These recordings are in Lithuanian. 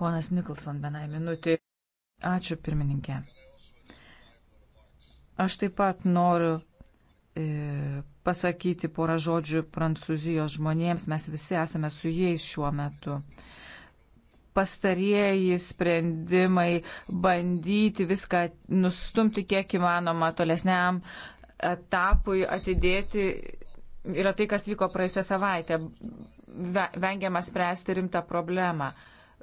Ponas Nikolson, vienai minutė. Ačiū, pirmininkė. Aš taip pat noriu e, pasakyti porą žodžių prancūzijos žmonėms. Mes visi esame su jais šiuo metu. Pastarieji sprendimai bandyti viską nustumti kiek įmanoma tolesniam etapui atidėti yra tai, kas vyko praėjusią savaitę vengiama spręsti rimtą problemą.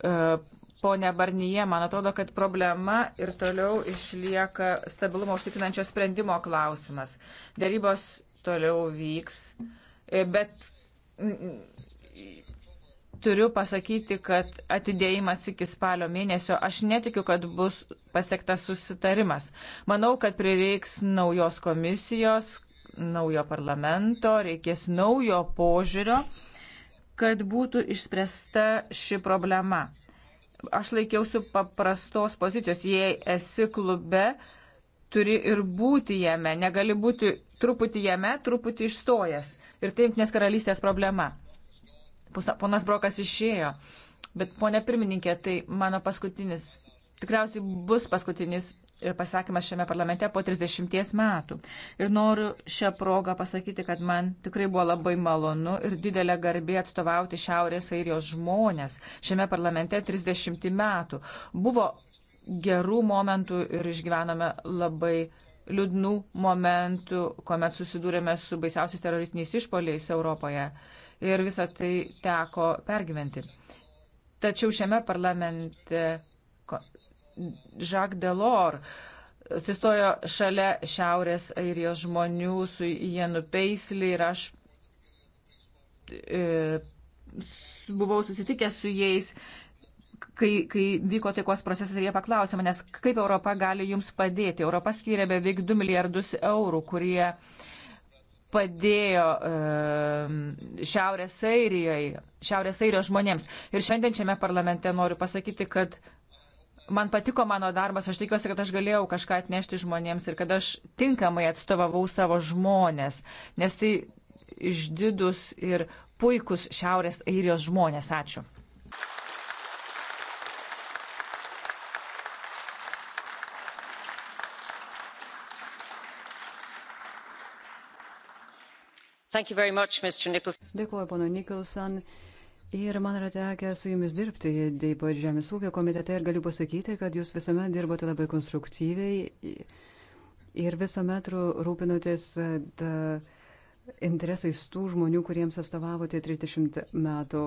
E, Pone Barnyje, man atrodo, kad problema ir toliau išlieka stabilumo užtikrinančio sprendimo klausimas. Darybos toliau vyks, e, bet turiu pasakyti, kad atidėjimas iki spalio mėnesio, aš netikiu, kad bus pasiektas susitarimas. Manau, kad prireiks naujos komisijos, naujo parlamento, reikės naujo požiūrio kad būtų išspręsta ši problema. Aš laikiausi paprastos pozicijos, jei esi klube, turi ir būti jame, negali būti truputį jame, truputį išstojęs. Ir tai jungtinės karalystės problema. Ponas Brokas išėjo, bet ponė pirmininkė, tai mano paskutinis, tikriausiai bus paskutinis pasakymas šiame parlamente po 30 metų. Ir noriu šią progą pasakyti, kad man tikrai buvo labai malonu ir didelė garbė atstovauti Šiaurės Airijos žmonės šiame parlamente 30 metų. Buvo gerų momentų ir išgyvenome labai liūdnų momentų, kuomet susidūrėme su baisiausiais teroristiniais išpoliais Europoje. Ir visą tai teko pergyventi. Tačiau šiame parlamente Jacques Delors atsistojo šalia Šiaurės Airijos žmonių su Jenu Peisley ir aš e, buvau susitikęs su jais, kai, kai vyko taikos procesas ir jie paklausė manęs, kaip Europa gali jums padėti. Europa skyrė beveik 2 milijardus eurų, kurie padėjo e, Šiaurės Airijoje, Šiaurės Airijos žmonėms. Ir šiandien šiame parlamente noriu pasakyti, kad man patiko mano darbas, aš tikiuosi, kad aš galėjau kažką atnešti žmonėms ir kad aš tinkamai atstovavau savo žmonės, nes tai išdidus ir puikus Šiaurės Airijos žmonės. Ačiū. Much, Dėkuoju, pono Nikolson. Ir man yra tekę su jumis dirbti, ypač Žemės ūkio komitete, ir galiu pasakyti, kad jūs visuomet dirbote labai konstruktyviai ir visuomet rūpinotės e, interesais tų žmonių, kuriems atstovavote 30 metų.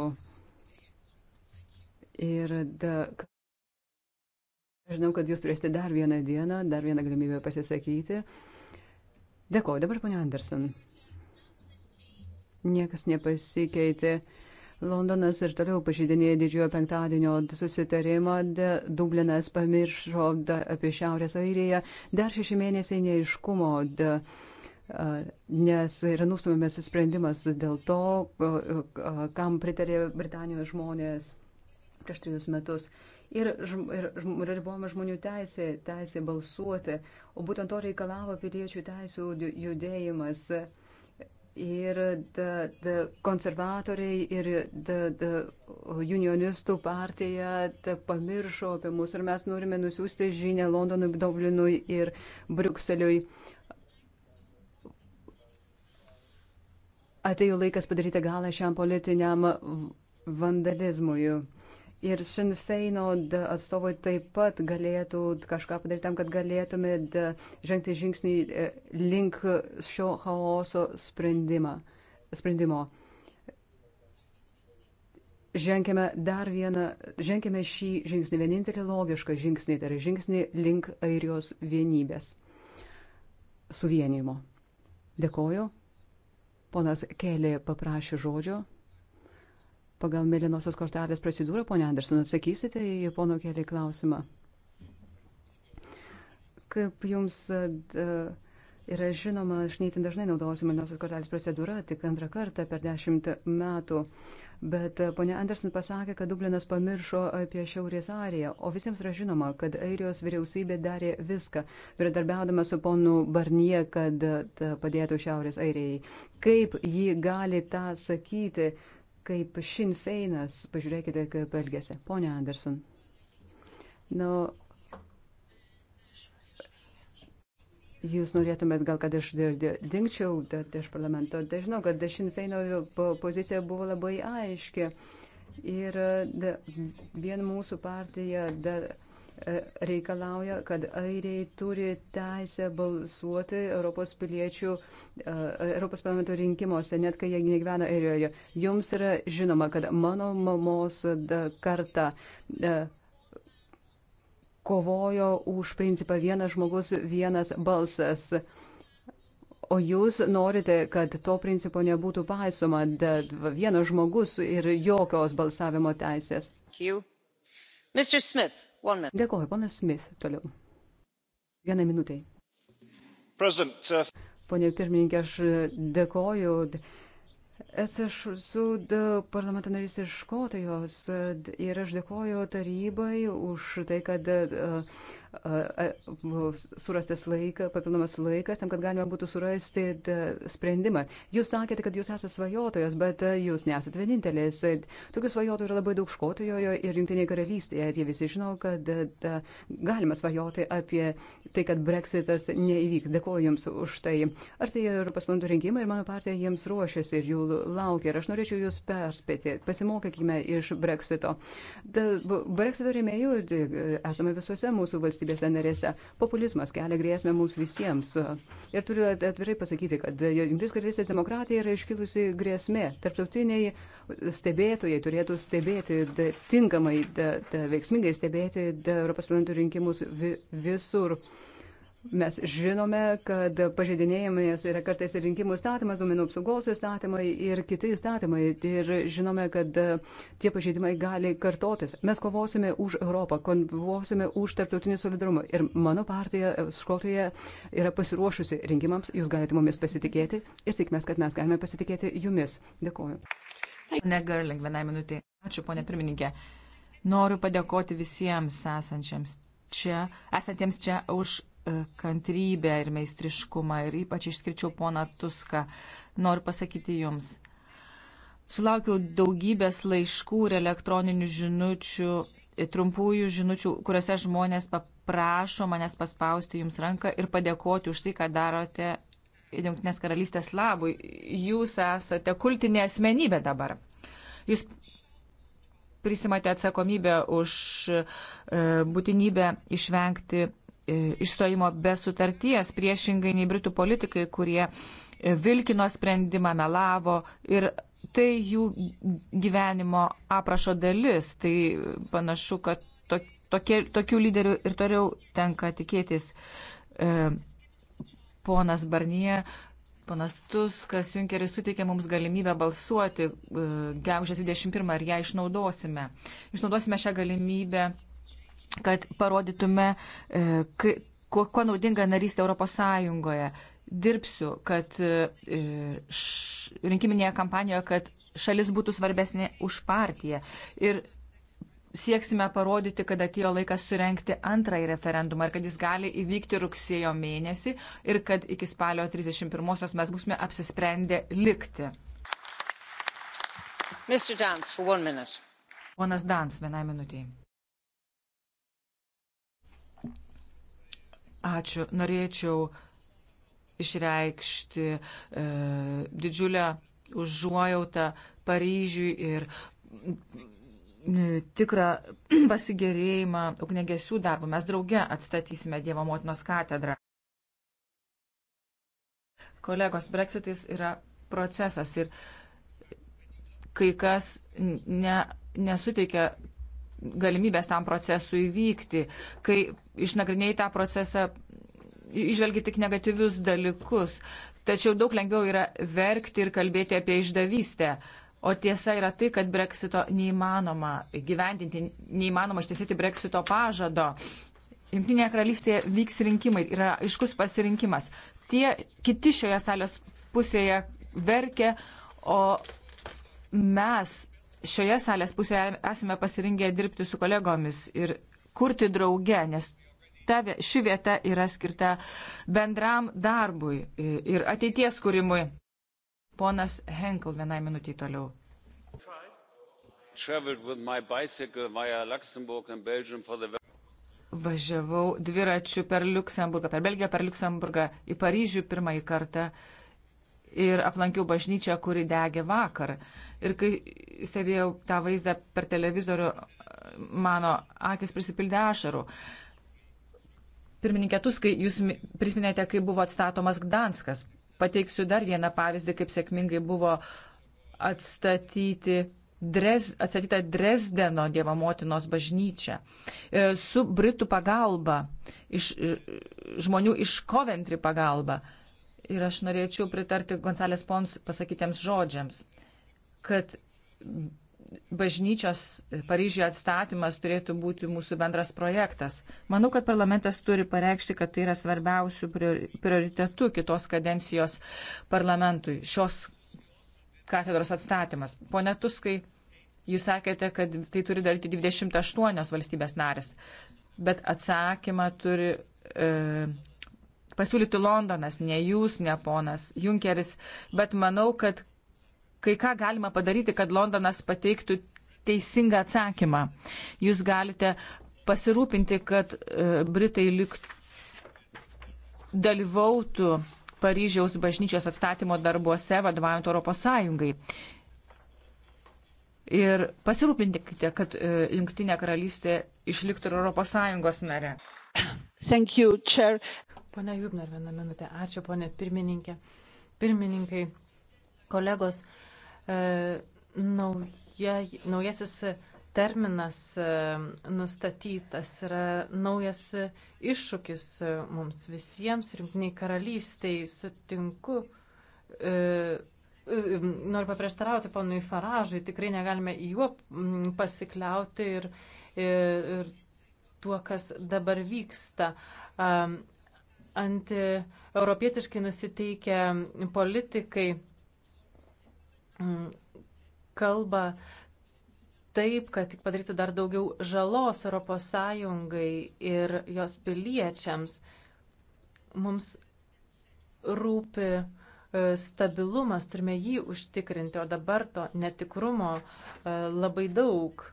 Ir da, žinau, kad jūs turėsite dar vieną dieną, dar vieną galimybę pasisakyti. Dėkuoju, dabar ponia Anderson. Niekas nepasikeitė. Londonas ir toliau pažydinėja didžiojo penktadienio susitarimą, Dublinas pamiršo da, apie Šiaurės Airiją, dar šeši mėnesiai neiškumo. Da, Nes yra nustumiamas sprendimas dėl to, kam pritarė Britanijos žmonės prieš trijus metus ir, ir, ir ribojama žmonių teisė, teisė balsuoti, o būtent to reikalavo piliečių teisų judėjimas. Uh, ir da, da, konservatoriai ir da, da, unionistų partija da, pamiršo apie mus ir mes norime nusiųsti žinę Londonui, Dublinui ir Brukseliui. Atėjo laikas padaryti galą šiam politiniam vandalizmui. Ir Sinn Feino atstovai taip pat galėtų kažką padaryti tam, kad galėtume žengti žingsnį e, link šio chaoso sprendimo. Ženkime dar vieną, ženkime šį žingsnį, vienintelį logišką žingsnį, tai yra žingsnį link airijos vienybės, suvienimo. Dėkoju. Ponas Kelė paprašė žodžio pagal mėlynosios kortelės procedūrą. Pone Anderson, atsakysite į pono kelią klausimą. Kaip jums e, yra žinoma, aš neįtin dažnai naudosiu mėlynosios kortelės procedūrą, tik antrą kartą per dešimt metų. Bet e, ponia Anderson pasakė, kad Dublinas pamiršo apie Šiaurės Airiją, o visiems yra žinoma, kad Airijos vyriausybė darė viską, bendradarbiaudama su ponu Barnie, kad e, padėtų Šiaurės Airijai. Kaip ji gali tą sakyti, kaip Sinn Feinas, pažiūrėkite, kaip elgėsi. Pone Anderson. Nu, jūs norėtumėt gal, kad aš dinkčiau iš parlamento. Tai žinau, kad Sinn Feino pozicija buvo labai aiški. Ir da, vien mūsų partija da, E, reikalauja, kad airiai turi teisę balsuoti Europos piliečių, e, Europos parlamento rinkimuose, net kai jie negyvena Airijoje. Jums yra žinoma, kad mano mamos e, karta kovojo už principą vienas žmogus, vienas balsas. O jūs norite, kad to principo nebūtų paisoma, vienas žmogus ir jokios balsavimo teisės. Smith. Dėkuoju, ponas Smith, toliau. Vieną minutę. Pone pirmininkė, aš dėkoju. Esu su parlamento narys iš Škotijos ir aš dėkoju tarybai už tai, kad uh, surastas laikas, papildomas laikas, tam, kad galima būtų surasti sprendimą. Jūs sakėte, kad jūs esate svajotojas, bet jūs nesate vienintelis. Tokių svajotojų yra labai daug Škotijoje ir Junktinėje karalystėje. Ir jie visi žino, kad galima svajoti apie tai, kad breksitas neįvyks. Dėkuoju Jums už tai. Ar tai Europos parlamento rinkimai ir mano partija jiems ruošiasi ir jų laukia. Ir aš norėčiau Jūs perspėti. Pasimokykime iš breksito. Breksito remėjų esame visuose mūsų valstybėse valstybėse narėse. Populizmas kelia grėsmę mums visiems. Ir turiu atvirai pasakyti, kad Junktinės karalystės demokratija yra iškilusi grėsmė. Tarptautiniai stebėtojai turėtų stebėti da, tinkamai, da, da, veiksmingai stebėti da, Europos parlamento rinkimus vi, visur. Mes žinome, kad pažeidinėjimas yra kartais ir rinkimų statymas, duomenų apsaugos įstatymai ir kiti įstatymai. Ir žinome, kad tie pažeidimai gali kartotis. Mes kovosime už Europą, kovosime už tarptautinį solidarumą. Ir mano partija Škotijoje yra pasiruošusi rinkimams. Jūs galite mumis pasitikėti ir tikimės, kad mes galime pasitikėti jumis. Dėkuoju. Negarling, vienai minutį. Ačiū, ponė pirmininkė. Noriu padėkoti visiems esančiams čia, esantiems čia už kantrybę ir meistriškumą ir ypač išskirčiau poną Tuską. Noriu pasakyti jums. Sulaukiau daugybės laiškų ir elektroninių žinučių, trumpųjų žinučių, kuriuose žmonės paprašo manęs paspausti jums ranką ir padėkoti už tai, ką darote Junktinės karalystės labui. Jūs esate kultinė asmenybė dabar. Jūs prisimate atsakomybę už e, būtinybę išvengti E, išstojimo be sutarties, priešingai nei Britų politikai, kurie e, vilkino sprendimą, melavo ir tai jų gyvenimo aprašo dalis. Tai panašu, kad tokie, tokių lyderių ir toliau tenka tikėtis. E, ponas Barnie, ponas Tuskas, Junkeris suteikė mums galimybę balsuoti gegužės 21 ir ją išnaudosime. Išnaudosime šią galimybę kad parodytume, e, kuo, kuo naudinga narystė Europos Sąjungoje. Dirbsiu, kad e, š, rinkiminėje kampanijoje, kad šalis būtų svarbesnė už partiją. Ir sieksime parodyti, kad atėjo laikas surenkti antrąjį referendumą ir kad jis gali įvykti rugsėjo mėnesį ir kad iki spalio 31-osios mes būsime apsisprendę likti. Ponas Dans, vienai minutiai. Ačiū. Norėčiau išreikšti e, didžiulę užuojautą Paryžiui ir tikrą pasigėrėjimą ugnegesių darbų. Mes drauge atstatysime Dievo motinos katedrą. Kolegos, Brexitis yra procesas ir kai kas ne, nesuteikia galimybės tam procesui vykti, kai išnagrinėjai tą procesą, išvelgi tik negatyvius dalykus. Tačiau daug lengviau yra verkti ir kalbėti apie išdavystę. O tiesa yra tai, kad breksito neįmanoma gyvendinti, neįmanoma ištiesėti breksito pažado. Junktinėje karalystėje vyks rinkimai, yra aiškus pasirinkimas. Tie kiti šioje salės pusėje verkia, o mes šioje salės pusėje esame pasirengę dirbti su kolegomis ir kurti drauge, nes ta, ši vieta yra skirta bendram darbui ir ateities kūrimui. Ponas Henkel vienai minutiai toliau. Važiavau dviračiu per Luksemburgą, per Belgiją, per Luksemburgą į Paryžių pirmąjį kartą ir aplankiau bažnyčią, kuri degė vakar. Uh, Ir kai stebėjau tą vaizdą per televizorių, mano akis prisipildė ašarų. Pirmininkė Tuskai, jūs prisiminėte, kai buvo atstatomas Gdanskas. Pateiksiu dar vieną pavyzdį, kaip sėkmingai buvo atstatyti Drez, atsakyta Dresdeno Dievo motinos bažnyčia. E, su Britų pagalba, iš, e, žmonių iš Coventry pagalba. Ir aš norėčiau pritarti Gonzalės Pons pasakytiems žodžiams kad bažnyčios Paryžiuje atstatymas turėtų būti mūsų bendras projektas. Manau, kad parlamentas turi pareikšti, kad tai yra svarbiausių prioritetų kitos kadencijos parlamentui šios katedros atstatymas. Pone Tuskai, jūs sakėte, kad tai turi daryti 28 valstybės narės, bet atsakymą turi. E, Pasiūlyti Londonas, ne jūs, ne ponas Junkeris, bet manau, kad kai ką galima padaryti, kad Londonas pateiktų teisingą atsakymą. Jūs galite pasirūpinti, kad e, Britai likt dalyvautų Paryžiaus bažnyčios atstatymo darbuose, vadovaujant Europos Sąjungai. Ir pasirūpinkite, kad e, Junktinė karalystė išliktų ir Europos Sąjungos nare. Thank you, Chair. Pone Jubner, vieną minutę. Ačiū, pone pirmininkė. Pirmininkai, kolegos, E, nauja, naujasis terminas e, nustatytas yra naujas iššūkis mums visiems, rimtiniai karalystiai, sutinku. E, noriu paprieštarauti ponui Faražui, tikrai negalime juo pasikliauti ir, ir, ir tuo, kas dabar vyksta. Antieuropietiškai nusiteikę politikai Mm, kalba taip, kad tik padarytų dar daugiau žalos ES ir jos piliečiams. Mums rūpi e, stabilumas, turime jį užtikrinti, o dabar to netikrumo e, labai daug.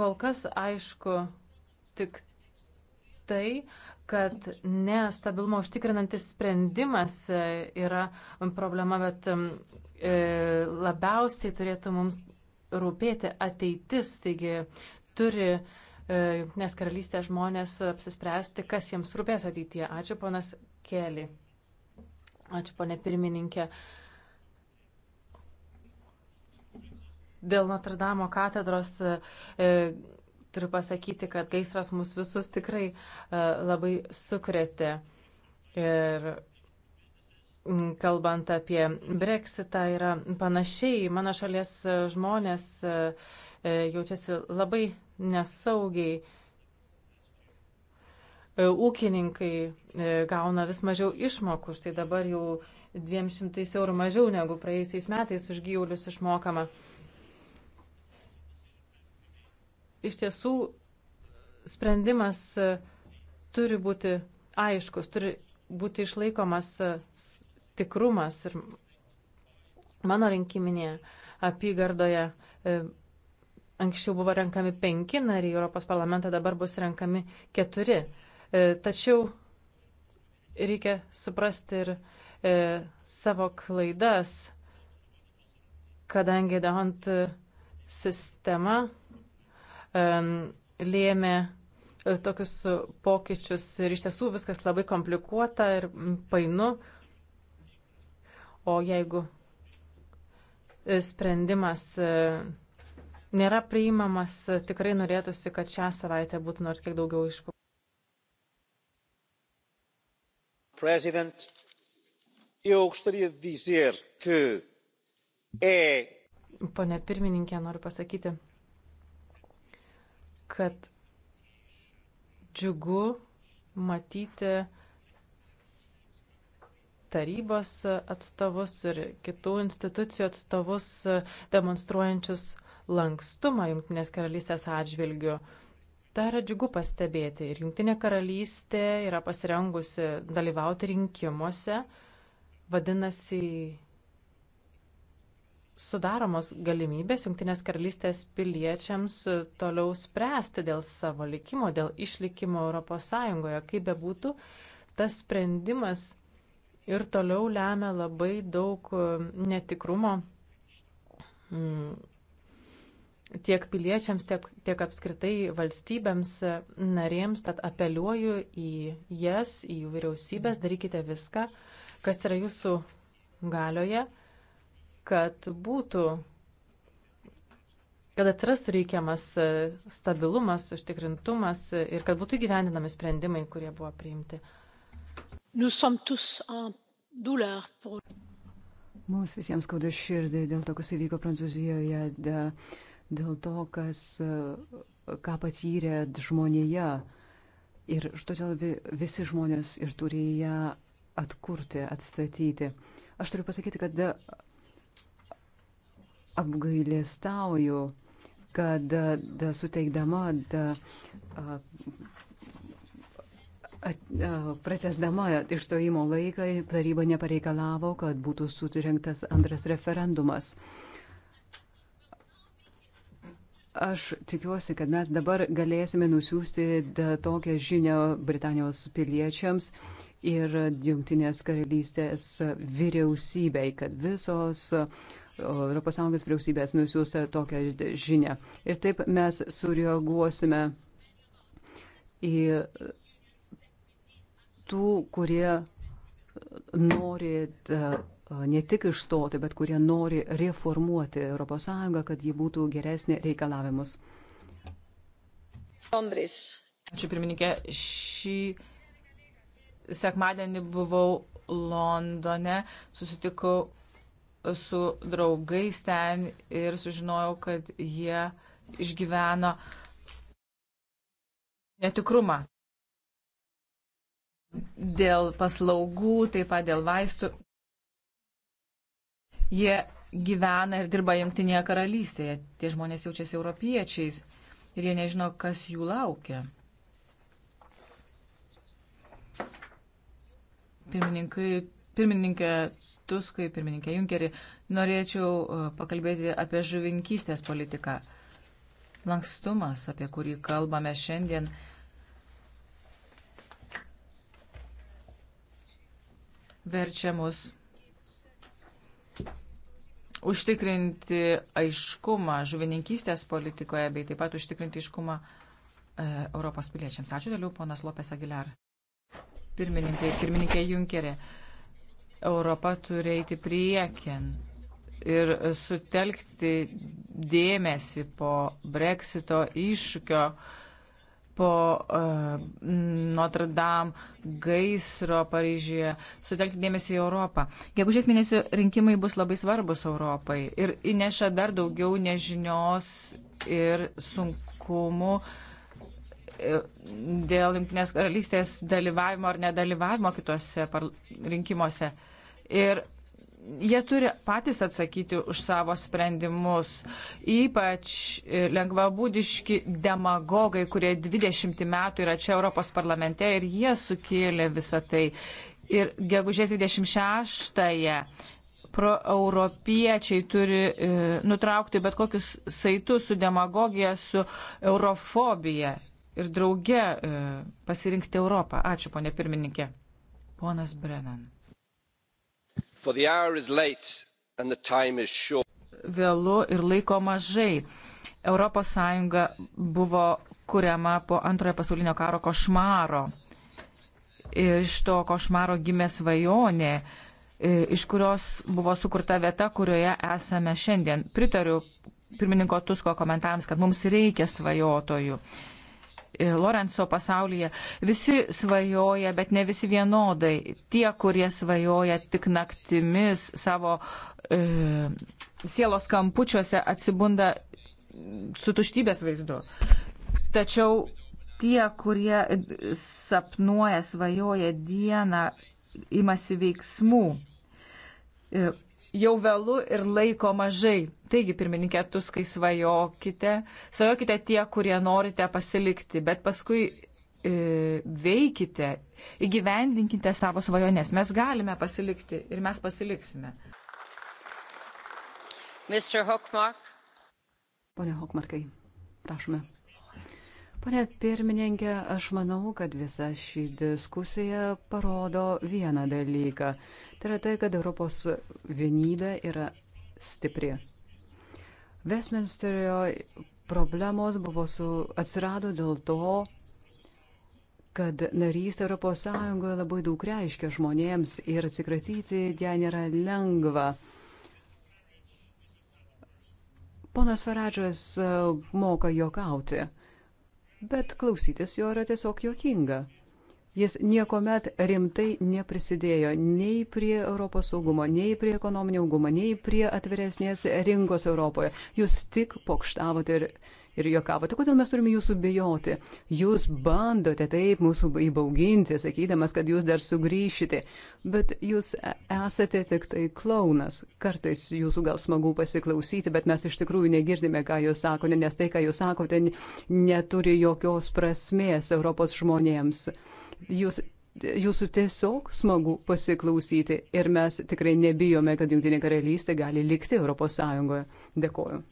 Kol kas aišku tik tai, kad nestabilumą užtikrinantis sprendimas e, yra problema, bet e, labiausiai turėtų mums rūpėti ateitis. Taigi turi e, Junktinės karalystės žmonės apsispręsti, kas jiems rūpės ateityje. Ačiū ponas Kėlį. Ačiū ponė pirmininkė. Dėl Notre Dame katedros e, turiu pasakyti, kad gaisras mus visus tikrai e, labai sukretė. Ir kalbant apie breksitą, yra panašiai. Mano šalies žmonės e, e, jaučiasi labai nesaugiai. Ūkininkai gauna vis mažiau išmokų, štai dabar jau 200 eurų mažiau negu praėjusiais metais už gyvulius išmokama iš tiesų sprendimas e, turi būti aiškus, turi būti išlaikomas e, tikrumas. Ir mano rinkiminėje apygardoje e, anksčiau buvo renkami penki nariai Europos parlamentą, dabar bus renkami keturi. Tačiau reikia suprasti ir savo klaidas, kadangi Dehont sistema lėmė e, tokius pokyčius ir iš tiesų viskas labai komplikuota ir painu. O jeigu e, sprendimas e, nėra priimamas, tikrai norėtųsi, kad šią savaitę būtų nors kiek daugiau išpūkų. President, eu gostaria de dizer que é. Pone pirmininkė, noriu pasakyti, kad džiugu matyti tarybos atstovus ir kitų institucijų atstovus demonstruojančius lankstumą Junktinės karalystės atžvilgiu. Ta yra džiugu pastebėti. Ir Junktinė karalystė yra pasirengusi dalyvauti rinkimuose. Vadinasi, sudaromos galimybės Junktinės karalystės piliečiams toliau spręsti dėl savo likimo, dėl išlikimo Europos Sąjungoje. Kaip bebūtų, tas sprendimas ir toliau lemia labai daug um, netikrumo mm, tiek piliečiams, tiek, tiek apskritai valstybėms uh, narėms, tad apeliuoju į jas, į jų vyriausybės, darykite viską, kas yra jūsų galioje kad būtų, kad atrastų reikiamas e, stabilumas, užtikrintumas ir kad būtų įgyvendinami sprendimai, kurie buvo priimti. Mums visiems skauda širdį dėl to, kas įvyko Prancūzijoje, dėl to, kas, e, ką patyrė žmonėje. Ir todėl visi žmonės ir turi ją atkurti, atstatyti. Aš turiu pasakyti, kad apgailėstauju, kad da, suteikdama, da, a, at, a, pratesdama išstojimo laiką, taryba nepareikalavo, kad būtų sutirinktas antras referendumas. Aš tikiuosi, kad mes dabar galėsime nusiųsti tokią žinią Britanijos piliečiams ir Junktinės karalystės vyriausybei, kad visos uh, ES vyriausybės nusiųsta tokią žinę. Ir taip mes sureaguosime į tų, kurie nori e, ne tik išstoti, bet kurie nori reformuoti ES, kad ji būtų geresnė reikalavimus. Londres. Ačiū pirmininkė. Šį sekmadienį buvau Londone, susitikau su draugais ten ir sužinojau, kad jie išgyveno netikrumą dėl paslaugų, taip pat dėl vaistų. Jie gyvena ir dirba Junktinėje karalystėje. Tie žmonės jaučiasi europiečiais ir jie nežino, kas jų laukia. Pirmininkai, pirmininkė, Tuskai, pirmininkė Junkerį, norėčiau e, pakalbėti apie žuvinkystės politiką. Lankstumas, apie kurį kalbame šiandien, verčia mus užtikrinti aiškumą žuvininkystės politikoje, bei taip pat užtikrinti aiškumą e, Europos piliečiams. Ačiū dėliau, ponas Lopes Aguilar. Pirmininkai, pirmininkė Junkerė. E, Europa turi eiti priekin ir sutelkti dėmesį po breksito iššūkio, po uh, Notre Dame gaisro Paryžiuje, sutelkti dėmesį į Europą. Gegužės mėnesio rinkimai bus labai svarbus Europai ir įneša dar daugiau nežinios ir sunkumų e, dėl Junktinės karalystės dalyvavimo ar nedalyvavimo kitose rinkimuose. Uh, Ir jie turi patys atsakyti už savo sprendimus. Ypač e, lengvabūdiški demagogai, kurie 20 metų yra čia Europos parlamente ir jie sukėlė visą tai. Ir gegužės 26-ąją proeuropiečiai turi e, nutraukti bet kokius saitus su demagogija, su eurofobija ir drauge e, pasirinkti Europą. Ačiū, ponė pirmininkė. Ponas Brennan. Vėlu ir laiko mažai. ES buvo kuriama po antrojo pasaulinio karo košmaro. Iš to košmaro gimė svajonė, e, iš kurios buvo sukurta vieta, kurioje esame šiandien. Pritariu pirmininko Tusko komentarams, kad mums reikia svajotojų. E, Lorenzo pasaulyje. Visi svajoja, bet ne visi vienodai. Tie, kurie svajoja tik naktimis savo e, sielos kampučiuose, atsibunda su tuštybės vaizdu. Tačiau tie, kurie sapnuoja, svajoja dieną, imasi veiksmų. E, jau vėlu ir laiko mažai. Taigi, pirmininkė Tuskai, svajokite, svajokite tie, kurie norite pasilikti, bet paskui e, veikite, įgyvendinkite savo svajones. Mes galime pasilikti ir mes pasiliksime. Pone Hokmarkai, prašome. Pane pirmininkė, aš manau, kad visa ši diskusija parodo vieną dalyką. Tai yra tai, kad Europos vienybė yra stipri. Westminsterio problemos buvo su, atsirado dėl to, kad narystė Europos Sąjungoje labai daug reiškia žmonėms ir atsikratyti ją nėra lengva. Ponas Faradžas e, moka jokauti bet klausytis jo yra tiesiog jokinga. Jis niekuomet rimtai neprisidėjo nei prie Europos saugumo, nei prie ekonominio augumo, nei prie atviresnės rinkos Europoje. Jūs tik pokštavote ir ir juokavo, tai kodėl mes turime jūsų bijoti? Jūs bandote taip mūsų įbauginti, sakydamas, kad jūs dar sugrįšite, bet jūs e, esate tik tai klaunas. Kartais jūsų gal smagu pasiklausyti, bet mes iš tikrųjų negirdime, ką jūs sakote, nes tai, ką jūs sakote, neturi jokios prasmės Europos žmonėms. Jūs jūsų tiesiog smagu pasiklausyti ir mes tikrai nebijome, kad Junktinė karalystė gali likti ES. Dėkoju.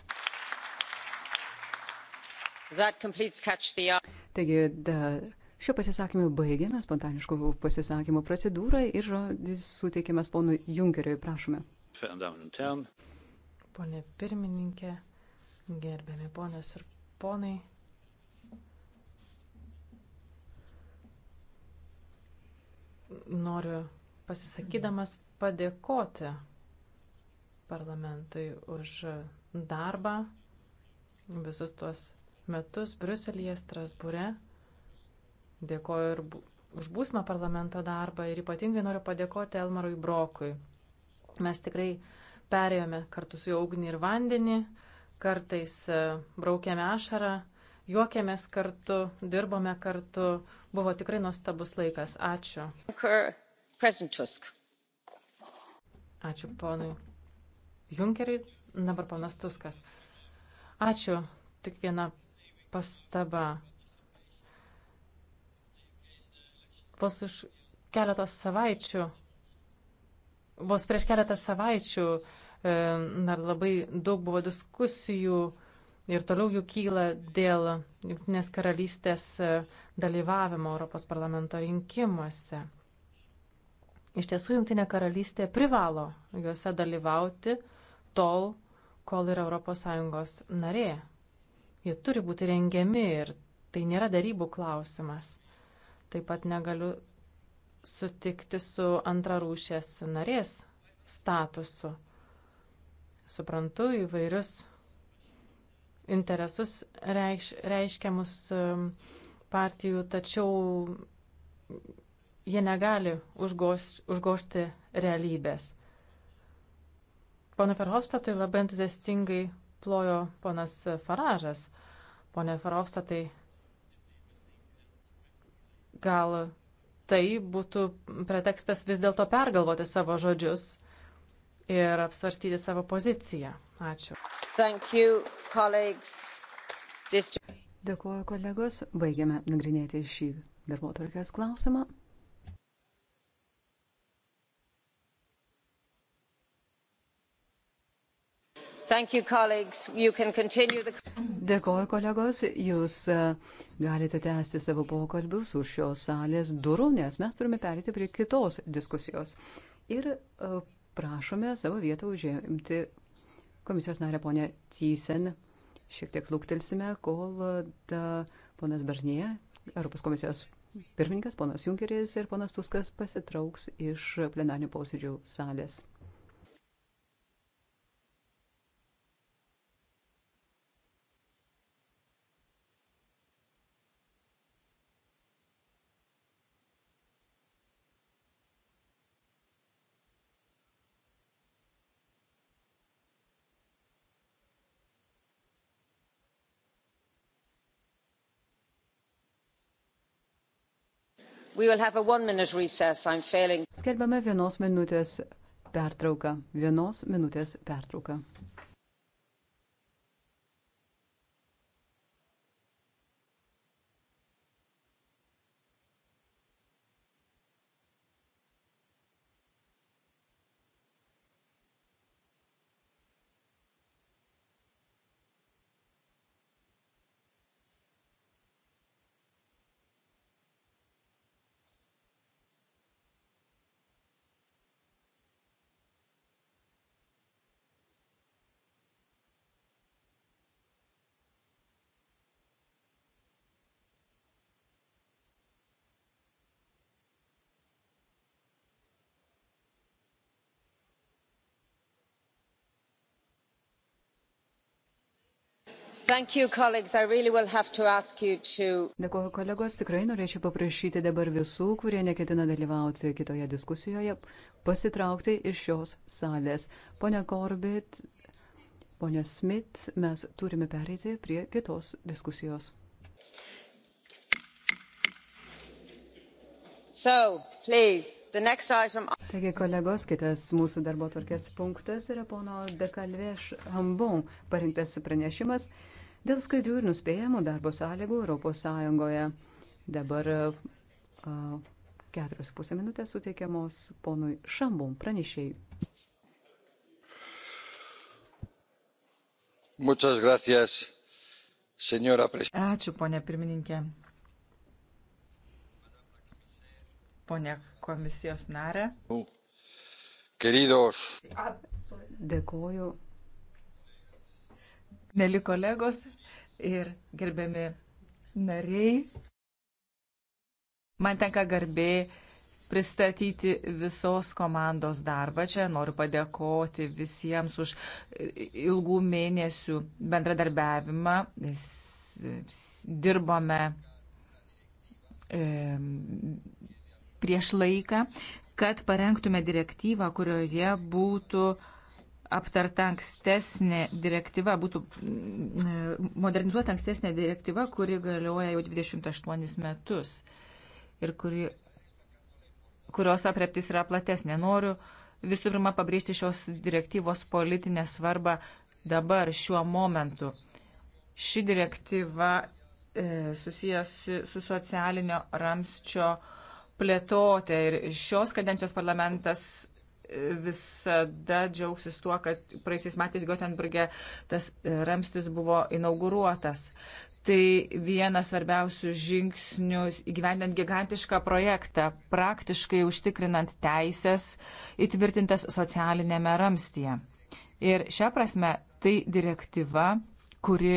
Taigi, da, šio pasisakymu baigėme spontaniškų pasisakymų procedūrą ir suteikėme ponui Junkeriui, prašome. Pone pirmininkė, gerbiami ponios ir ponai. Noriu pasisakydamas padėkoti parlamentui už darbą, visus tuos metus Bruselėje, Strasbūre. Dėkoju ir už būsimą parlamento darbą ir ypatingai noriu padėkoti Elmarui Brokui. Mes tikrai perėjome kartu su jo ugnį ir vandenį, kartais e, braukėme ašarą, juokėmės kartu, dirbome kartu. Buvo tikrai nuostabus laikas. Ačiū. Ačiū ponui Junkeriui, dabar panas Tuskas. Ačiū. Tik viena pastaba. Vos už keletos savaičių, vos prieš keletą savaičių e, dar labai daug buvo diskusijų ir toliau jų kyla dėl Junktinės karalystės e, dalyvavimo Europos parlamento rinkimuose. Iš tiesų, Junktinė karalystė privalo juose dalyvauti tol, kol yra ES narė. Jie turi būti rengiami ir tai nėra darybų klausimas. Taip pat negaliu sutikti su antrarūšės narės statusu. Suprantu įvairius interesus reikš, reiškiamus um, partijų, tačiau jie negali užgoš, užgošti realybės. Pono Ferhofstatui labai entuziastingai plojo ponas Faražas. Pone Farovsa, tai gal tai būtų pretekstas vis dėlto pergalvoti savo žodžius ir apsvarstyti savo poziciją. Ačiū. Thank you, colleagues. This... Dėkuoju kolegos, baigiame nagrinėti šį darbo tvarkės klausimą. The... Dėkoju, kolegos, jūs e, galite tęsti savo pokalbius už šios salės durų, nes mes turime perėti prie kitos diskusijos. Ir e, prašome savo vietą užėmti komisijos narę ponę Tysen. Šiek tiek luktelsime, kol da, e, ponas Barnie, Europos komisijos pirmininkas, ponas Junkeris ir ponas Tuskas pasitrauks iš plenarnių posėdžių salės. Skelbiame vienos minutės pertrauką. Vienos minutės pertrauką. You, really to... Dėkuoju kolegos, tikrai norėčiau paprašyti dabar visų, kurie neketina dalyvauti kitoje diskusijoje, pasitraukti iš šios salės. Pone Korbit, pone Smith, mes turime pereiti prie kitos diskusijos. So, please, item... Taigi, kolegos, kitas mūsų darbo tvarkės punktas yra pono Dekalvėš Hambon parinktas pranešimas dėl skaidrių ir nuspėjamų darbo sąlygų ES. Dabar keturios pusę minutės suteikiamos ponui Šambum pranešėjai. Gracias, Ačiū, ponė pirmininkė. Pone komisijos narė. Queridos. Dėkoju Mėly kolegos ir gerbiami nariai, man tenka garbė pristatyti visos komandos darbą. Čia noriu padėkoti visiems už ilgų mėnesių bendradarbiavimą. Dirbome prieš laiką, kad parengtume direktyvą, kurioje būtų uh, aptarta ankstesnė direktyva, būtų mm, e, modernizuota ankstesnė direktyva, kuri galioja jau 28 metus ir kuri, kurios apreptis yra platesnė. Noriu visų pirma pabrėžti šios direktyvos politinę svarbą dabar, šiuo momentu. Ši direktyva e, susijęs su socialinio ramsčio plėtotė ir šios kadencijos parlamentas visada džiaugsis tuo, kad praeisiais metais Gotenburgė tas ramstis buvo inauguruotas. Tai vienas svarbiausių žingsnių įgyvendant gigantišką projektą, praktiškai užtikrinant teisės įtvirtintas socialinėme ramstyje. Ir šią prasme tai direktyva, kuri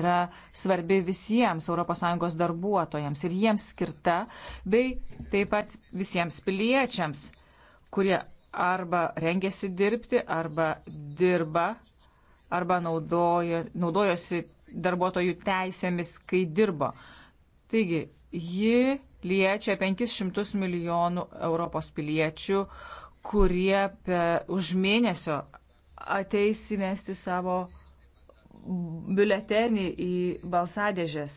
yra svarbi visiems ES darbuotojams ir jiems skirta, bei taip pat visiems piliečiams kurie arba rengiasi dirbti, arba dirba, arba naudoja, naudojosi darbuotojų teisėmis, kai dirbo. Taigi, ji liečia 500 milijonų Europos piliečių, kurie pe, už mėnesio ateis įmesti savo biuletenį į balsadėžės.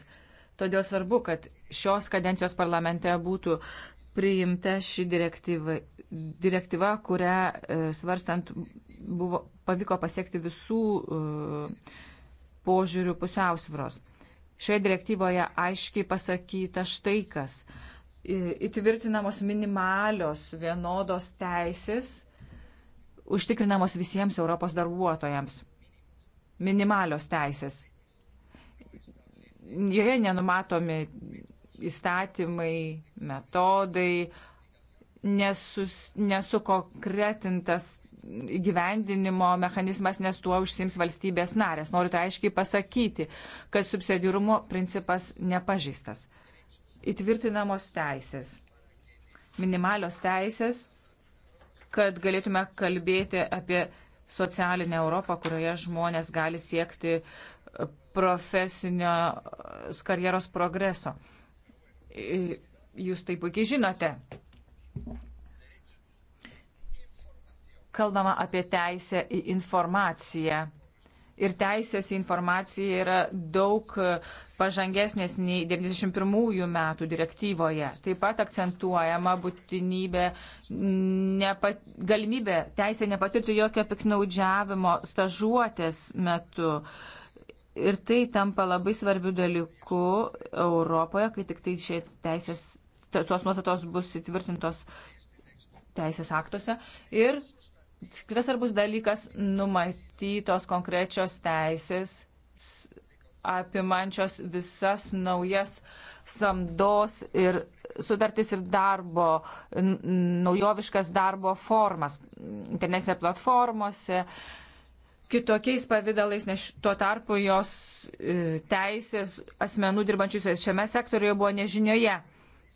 Todėl svarbu, kad šios kadencijos parlamente būtų priimta ši direktyva direktyva, kurią e, svarstant buvo, pavyko pasiekti visų e, požiūrių pusiausvros. Šioje direktyvoje aiškiai pasakyta štai kas. Įtvirtinamos minimalios vienodos teisės, užtikrinamos visiems Europos darbuotojams. Minimalios teisės. Joje nenumatomi įstatymai, metodai, nesus, nesukokretintas gyvendinimo mechanizmas, nes tuo užsims valstybės narės. Noriu tai aiškiai pasakyti, kad subsidirumo principas nepažįstas. Įtvirtinamos teisės. Minimalios teisės, kad galėtume kalbėti apie socialinę Europą, kurioje žmonės gali siekti profesinio karjeros progreso. Jūs tai puikiai žinote. Kalbama apie teisę į informaciją. Ir teisės į informaciją yra daug pažangesnės nei 91 metų direktyvoje. Taip pat akcentuojama būtinybė, nepa, galimybė teisė nepatirti jokio piknaudžiavimo stažuotės metu. Ir tai tampa labai svarbiu dalyku Europoje, kai tik tai šie teisės tos nuostatos bus įtvirtintos teisės aktuose. Ir kitas svarbus dalykas - numatytos konkrečios teisės apimančios visas naujas samdos ir sutartis ir darbo, naujoviškas darbo formas internetinėse platformose, kitokiais pavydalais, nes tuo tarpu jos e, teisės asmenų dirbančių šiame sektoriuje buvo nežinioje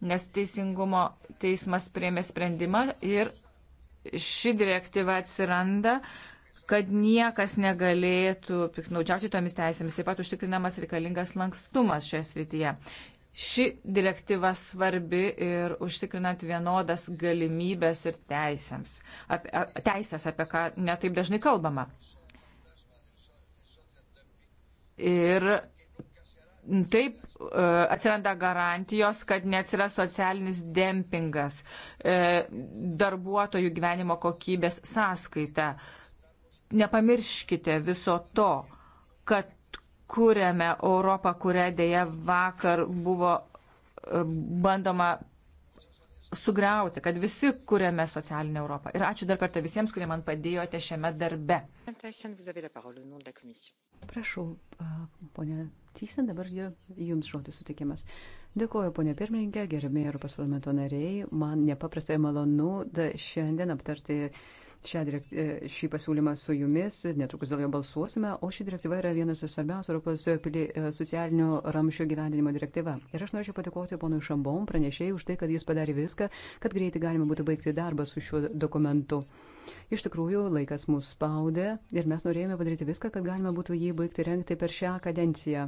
nes teisingumo teismas priemė sprendimą ir ši direktyva atsiranda, kad niekas negalėtų piknaudžiauti tomis teisėmis. Taip pat užtikrinamas reikalingas lankstumas šioje srityje. Ši direktyva svarbi ir užtikrinant vienodas galimybės ir teisėms, apie, a, teisės, apie ką netaip dažnai kalbama. Ir Taip e, atsiranda garantijos, kad neatsiras socialinis dempingas e, darbuotojų gyvenimo kokybės sąskaita. Nepamirškite viso to, kad kūrėme Europą, kurią dėja vakar buvo e, bandoma sugriauti, kad visi kūrėme socialinę Europą. Ir ačiū dar kartą visiems, kurie man padėjote šiame darbe. Prašau, ponė Tysen, dabar jums žodis sutikimas. Dėkuoju, ponė pirmininkė, gerbėjai Europos parlamento nariai. Man nepaprastai malonu šiandien aptarti šią, e, šį pasiūlymą su jumis. Netrukus dėl jo balsuosime, o ši direktyva yra vienas svarbiausių Europos e, socialinio ramšio gyvendinimo direktyva. Ir aš norėčiau patikoti ponui Šambom pranešėjai už tai, kad jis padarė viską, kad greitai galima būtų baigti darbą su šiuo dokumentu. Iš tikrųjų, laikas mus spaudė ir mes norėjome padaryti viską, kad galima būtų jį baigti renkti per šią kadenciją.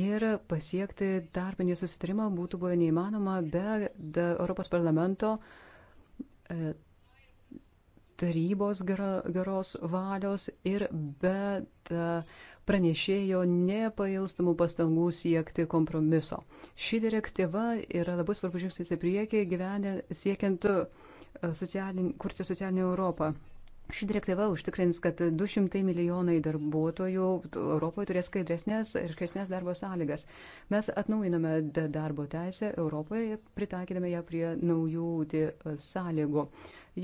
Ir pasiekti darbinį susitarimą būtų buvę neįmanoma be Europos parlamento e, tarybos geros valios ir be pranešėjo nepailstamų pastangų siekti kompromiso. Ši direktyva yra labai svarbus žingsnis į priekį gyvenę siekiant uh, socialin, kurti socialinę Europą. Ši direktyva užtikrins, kad 200 milijonai darbuotojų Europoje turės skaidresnės ir skaidresnės darbo sąlygas. Mes atnaujiname darbo teisę Europoje, pritaikydami ją prie naujų sąlygų.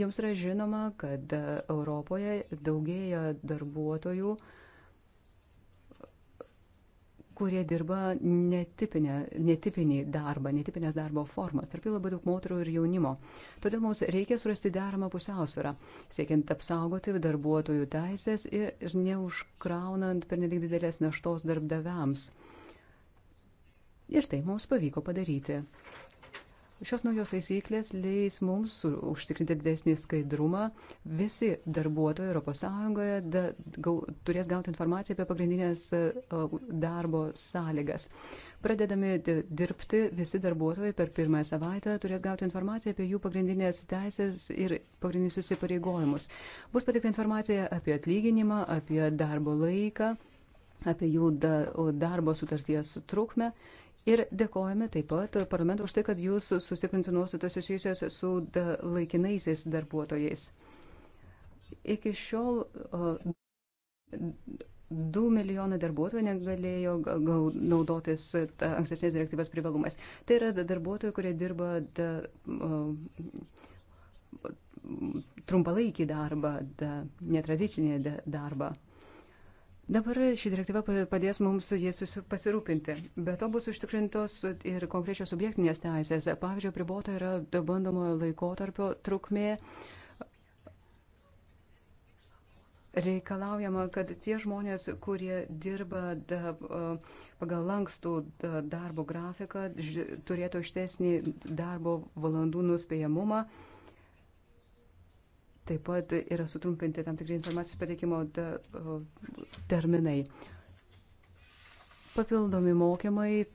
Jums yra žinoma, kad Europoje daugėja darbuotojų, kurie dirba netipinę, netipinį darbą, netipinės darbo formas, tarp jų labai daug moterų ir jaunimo. Todėl mums reikia surasti deramą pusiausvyrą, siekiant apsaugoti darbuotojų teisės ir, ir neužkraunant pernelyg didelės naštos darbdaviams. Ir tai mums pavyko padaryti. Šios naujos taisyklės leis mums užtikrinti didesnį skaidrumą. Visi darbuotojai ES da, gau, turės gauti informaciją apie pagrindinės e, darbo sąlygas. Pradedami dirbti, visi darbuotojai per pirmąją savaitę turės gauti informaciją apie jų pagrindinės teisės ir pagrindinius įsipareigojimus. Bus patikta informacija apie atlyginimą, apie darbo laiką apie jų darbo sutarties trukmę Ir dėkojame taip pat parlamentu už tai, kad jūs sustiprinti nuostatos susijusios su da, laikinaisiais darbuotojais. Iki šiol o, 2 milijonai darbuotojų negalėjo naudotis ankstesnės direktyvos privalumais. Tai yra darbuotojai, kurie dirba da, o, trumpalaikį darbą, da, netradicinį da, darbą. Dabar ši direktyva padės mums su jais pasirūpinti. Be to bus užtikrintos ir konkrečios subjektinės teisės. Pavyzdžiui, pribota yra bandomojo laikotarpio trukmė. Reikalaujama, kad tie žmonės, kurie dirba da, pagal lankstų da, darbo grafiką, ž, turėtų ištesnį darbo valandų nuspėjamumą. Uh, Taip pat yra sutrumpinti tam tikri informacijos pateikimo terminai. Papildomi mokymai e,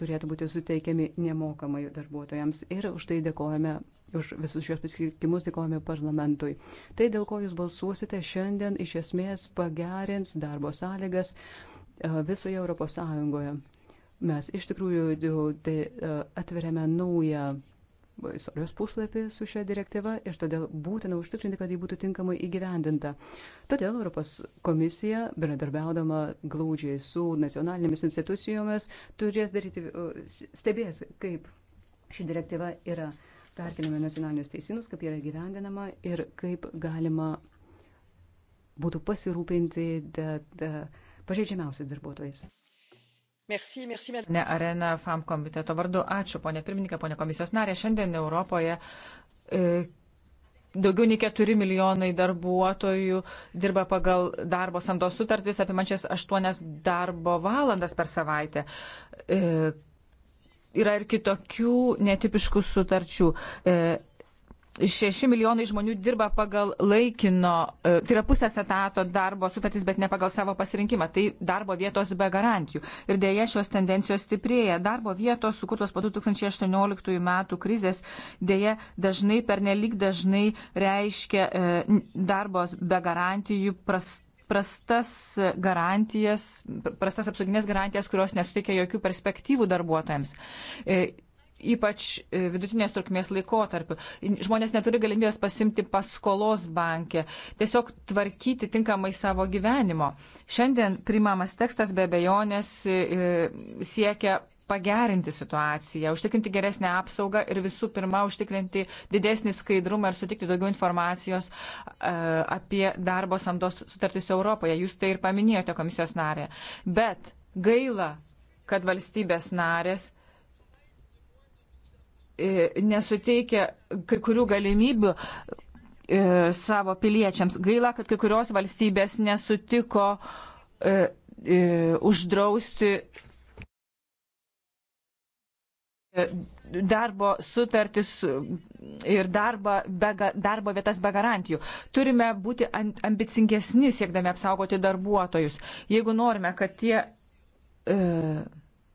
turėtų būti suteikiami nemokamai darbuotojams ir už tai dėkojame, už visus šios pasikeitimus dėkojame parlamentui. Tai, dėl ko jūs balsuosite šiandien, iš esmės pagerins darbo sąlygas e, visoje Europos Sąjungoje. Mes iš tikrųjų tai atveriame naują istorijos puslapį su šia direktyva ir todėl būtina užtikrinti, kad jį būtų tinkamai įgyvendinta. Todėl Europos komisija, bendradarbiaudama glaudžiai su nacionalinėmis institucijomis, turės daryti, stebės, kaip ši direktyva yra perkeliama nacionalinius teisinus, kaip yra gyvendinama ir kaip galima būtų pasirūpinti pažeidžiamiausiais darbuotojais. Ne Arena FAM komiteto vardu. Ačiū, ponė pirmininkė, ponė komisijos narė. Šiandien Europoje e, Daugiau nei 4 milijonai darbuotojų dirba pagal darbo samdos sutartys, apimančias 8 darbo valandas per savaitę. E, yra ir kitokių netipiškų sutarčių. E, 6 milijonai žmonių dirba pagal laikino, e, tai yra pusės etato darbo sutartys, bet ne pagal savo pasirinkimą. Tai darbo vietos be garantijų. Ir dėja šios tendencijos stiprėja. Darbo vietos sukurtos po 2018 metų krizės dėja dažnai, pernelyg dažnai reiškia e, darbos be garantijų prastai prastas garantijas, prastas apsauginės garantijas, kurios nesuteikia jokių perspektyvų darbuotojams. E, ypač e, vidutinės trukmės laikotarpiu. Žmonės neturi galimybės pasimti paskolos bankė, tiesiog tvarkyti tinkamai savo gyvenimo. Šiandien primamas tekstas be bejonės e, siekia pagerinti situaciją, užtikrinti geresnę apsaugą ir visų pirma užtikrinti didesnį skaidrumą ir sutikti daugiau informacijos e, apie darbo samdos sutartys Europoje. Jūs tai ir paminėjote komisijos narė. Bet gaila, kad valstybės narės E, nesuteikia kai kurių galimybių e, savo piliečiams. Gaila, kad kai kurios valstybės nesutiko e, uždrausti darbo sutartis ir darba, be, darbo vietas be garantijų. Turime būti ambicingesni siekdami apsaugoti darbuotojus. Jeigu norime, kad tie e,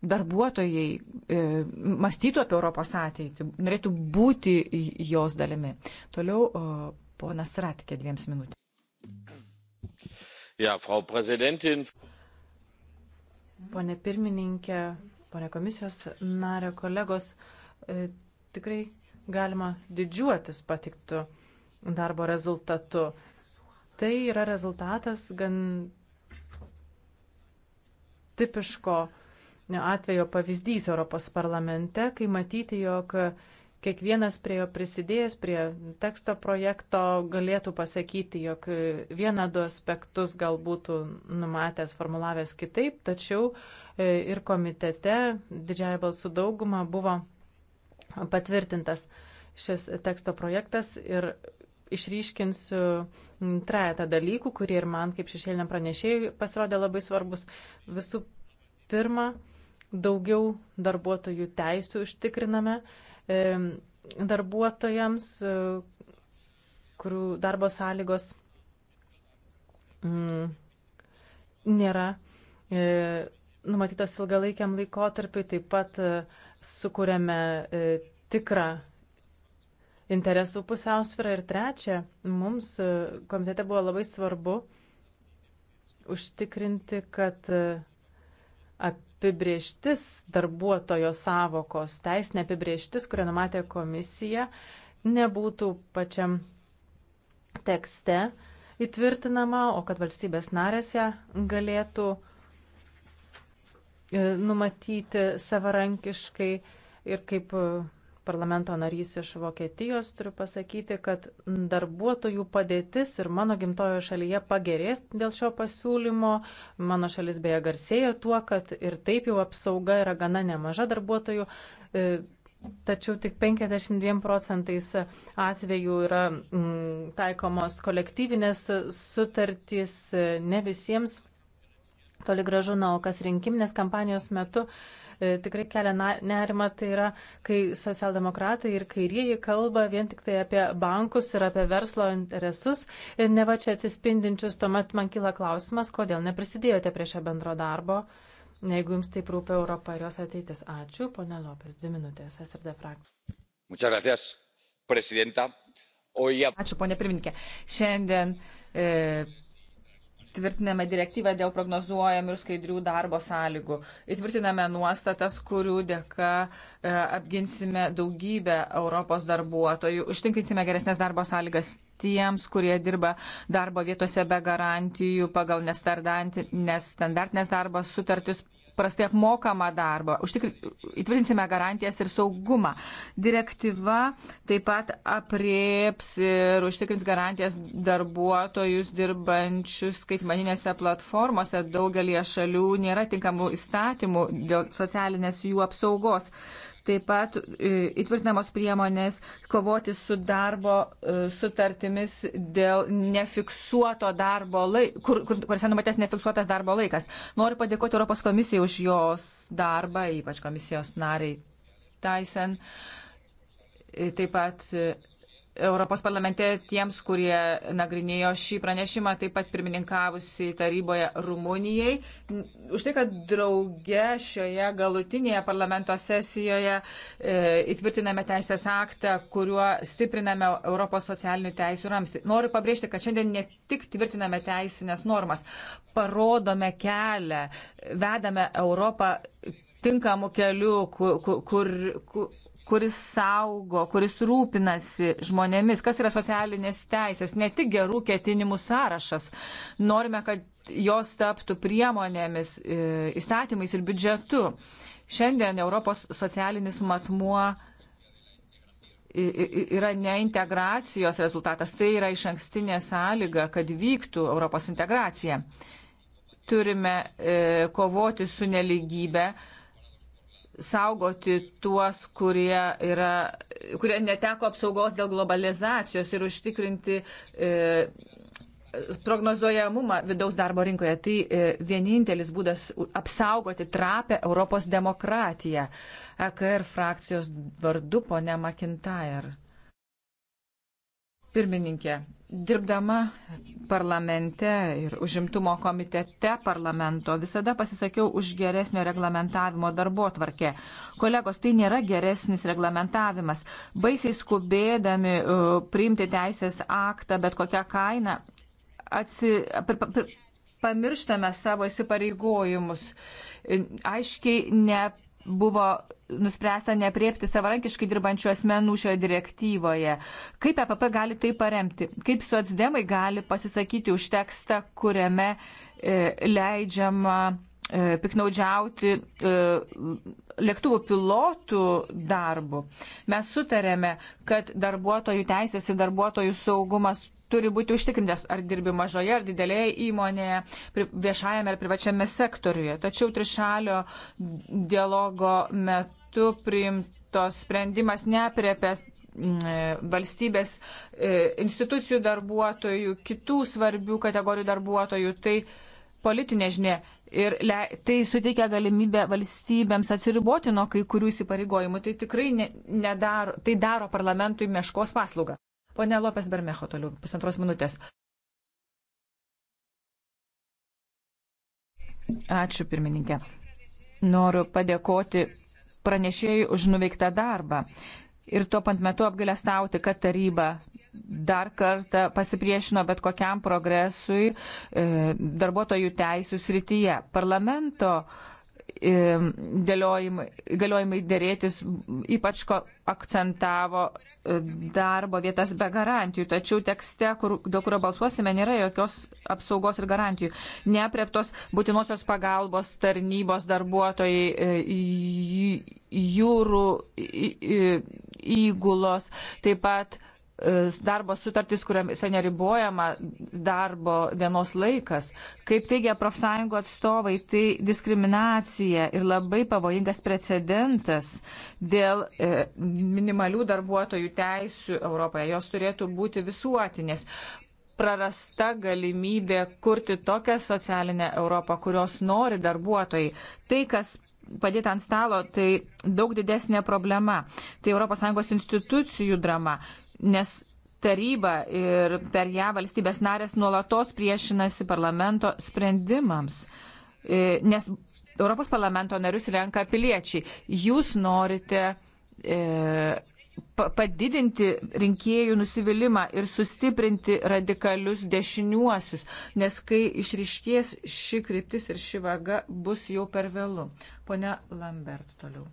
darbuotojai e, mąstytų apie Europos ateitį, norėtų būti jos dalimi. Toliau o, ponas Ratikė dviems minutėms. Ja, Frau Präsidentin. Pone pirmininkė, pone komisijos nario kolegos, e, tikrai galima didžiuotis patiktų darbo rezultatu. Tai yra rezultatas gan tipiško uh, atvejo pavyzdys Europos parlamente, kai matyti, jog kiekvienas prie jo prisidėjęs, prie teksto projekto galėtų pasakyti, jog vieną du aspektus gal būtų numatęs, formulavęs kitaip, tačiau e, ir komitete didžiai balsų dauguma buvo patvirtintas šis teksto projektas ir išryškinsiu trejata dalykų, kurie ir man kaip šešėlinė pranešėjai pasirodė labai svarbus. Visų pirma, daugiau darbuotojų teisų užtikriname e, darbuotojams, e, kurių darbo sąlygos mm, nėra e, numatytos ilgalaikiam laikotarpiu, taip pat sukūrėme tikrą interesų pusiausvyrą. Ir trečia, mums komitete buvo labai svarbu užtikrinti, kad apibrieštis darbuotojo savokos, teisinė apibrieštis, kurią numatė komisija, nebūtų pačiam tekste įtvirtinama, o kad valstybės narėse galėtų e, numatyti savarankiškai ir kaip e, parlamento narys iš Vokietijos, turiu pasakyti, kad darbuotojų padėtis ir mano gimtojo šalyje pagerės dėl šio pasiūlymo. Mano šalis beje garsėja tuo, kad ir taip jau apsauga yra gana nemaža darbuotojų. E, tačiau tik 52 procentais atvejų yra m, mm, taikomos kolektyvinės sutartys e, ne visiems toli gražu, na, o kas rinkiminės kampanijos metu uh, E, tikrai kelia nerima, tai yra, kai socialdemokratai ir kairieji kalba vien tik tai apie bankus ir apie verslo interesus, e, ne va čia atsispindinčius, tuomet man kyla klausimas, kodėl neprisidėjote prie šio bendro darbo, jeigu jums taip rūpia Europa ir jos ateitis. Ačiū, ponė Lopės, dvi minutės, SRD frakcija. Ačiū, ponė pirmininkė. Šiandien e, tvirtiname direktyvą dėl prognozuojamų ir skaidrių darbo sąlygų. Įtvirtiname nuostatas, kurių dėka e, apginsime daugybę Europos darbuotojų, užtinkinsime geresnės darbo sąlygas tiems, kurie dirba darbo vietose be garantijų pagal nestandartinės darbo sutartis prastai apmokamą darbą, Užtikri, įtvirtinsime garantijas ir saugumą. Direktyva taip pat aprieps ir užtikrins garantijas darbuotojus dirbančius skaitmaninėse platformose. Daugelie šalių nėra tinkamų įstatymų dėl socialinės jų apsaugos. Taip pat e, įtvirtinamos priemonės kovoti su darbo e, sutartimis dėl nefiksuoto darbo laiko, kur, kur, kuriuose numatęs nefiksuotas darbo laikas. Noriu padėkoti Europos komisijai už jos darbą, ypač komisijos nariai Tyson. E, taip pat Europos parlamente tiems, kurie nagrinėjo šį pranešimą, taip pat pirmininkavusi taryboje Rumunijai. Už tai, kad drauge šioje galutinėje parlamento sesijoje e, įtvirtiname teisės aktą, kuriuo stipriname Europos socialinių teisų ramstį. Noriu pabrėžti, kad šiandien ne tik tvirtiname teisinės normas, parodome kelią, vedame Europą tinkamu keliu, kur. kur, kur kuris saugo, kuris rūpinasi žmonėmis, kas yra socialinės teisės, ne tik gerų ketinimų sąrašas. Norime, kad jos taptų priemonėmis, e, įstatymais ir biudžetu. Šiandien Europos socialinis matmuo yra ne integracijos rezultatas, tai yra iš ankstinė sąlyga, kad vyktų Europos integracija. Turime e, kovoti su neligybė, saugoti tuos, kurie, yra, kurie neteko apsaugos dėl globalizacijos ir užtikrinti e, prognozuojamumą vidaus darbo rinkoje. Tai e, vienintelis būdas apsaugoti trapę Europos demokratiją. EKR frakcijos vardu ponia McIntyre. Pirmininkė, dirbdama parlamente ir užimtumo komitete parlamento visada pasisakiau už geresnio reglamentavimo darbo tvarkę. Kolegos, tai nėra geresnis reglamentavimas. Baisiai skubėdami uh, priimti teisės aktą, bet kokią kainą, atsi, pir, pir, pamirštame savo įsipareigojimus, e, aiškiai ne, buvo nuspręsta nepriepti savarankiškai dirbančių asmenų šioje direktyvoje. Kaip EPP gali tai paremti? Kaip socdemai gali pasisakyti už tekstą, kuriame e, leidžiama E, piknaudžiauti e, lėktuvų pilotų darbu. Mes sutarėme, kad darbuotojų teisės ir darbuotojų saugumas turi būti užtikrintas, ar dirbi mažoje ar didelėje įmonėje, viešajame ar privačiame sektoriuje. Tačiau trišalio dialogo metu priimtos sprendimas neapriepia e, valstybės institucijų darbuotojų, kitų svarbių kategorijų darbuotojų. Tai politinė žinia ir le, tai suteikia galimybę valstybėms atsiriboti nuo kai kurių įsipareigojimų. Tai tikrai ne, nedaro, tai daro parlamentui meškos paslaugą. Pone Lopes Bermecho toliau, pusantros minutės. Ačiū, pirmininkė. Noriu padėkoti pranešėjai už nuveiktą darbą ir tuo pat metu apgalėstauti, kad taryba dar kartą pasipriešino bet kokiam progresui e, darbuotojų teisų srityje. Parlamento uh, E, įgaliojimai dėrėtis ypač akcentavo e, darbo vietas be garantijų, tačiau tekste, kur, dėl kurio balsuosime, nėra jokios apsaugos ir garantijų. Nepreptos būtinosios pagalbos tarnybos darbuotojai, e, jūrų įgulos, taip pat E, darbo sutartys, kuriuose neribojama darbo dienos laikas. Kaip teigia profsąjungo atstovai, tai diskriminacija ir labai pavojingas precedentas dėl e, minimalių darbuotojų teisių Europoje. Jos turėtų būti visuotinės. Prarasta galimybė kurti tokią socialinę Europą, kurios nori darbuotojai. Tai, kas padėti ant stalo, tai daug didesnė problema. Tai ES institucijų drama nes taryba ir per ją valstybės narės nuolatos priešinasi parlamento sprendimams, e, nes Europos parlamento narius renka piliečiai. Jūs norite e, padidinti rinkėjų nusivylimą ir sustiprinti radikalius dešiniuosius, nes kai išriškės ši kryptis ir ši vaga, bus jau per vėlų. Pone Lambert toliau.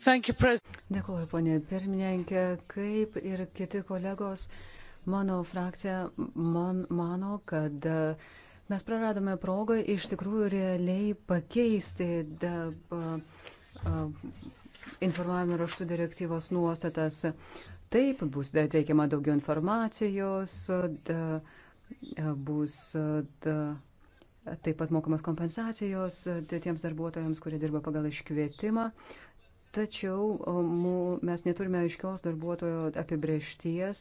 Dėkuoju, ponė pirmininkė, kaip ir kiti kolegos, mano frakcija man, mano, kad e, mes praradome progą iš tikrųjų realiai pakeisti da, e, e, informavimo raštų direktyvos nuostatas. Taip, bus da, teikiama daugiau informacijos, da, bus. Da, Taip pat mokamas kompensacijos tiems darbuotojams, kurie dirba pagal iškvietimą. Tačiau mes neturime aiškios darbuotojo apibriešties,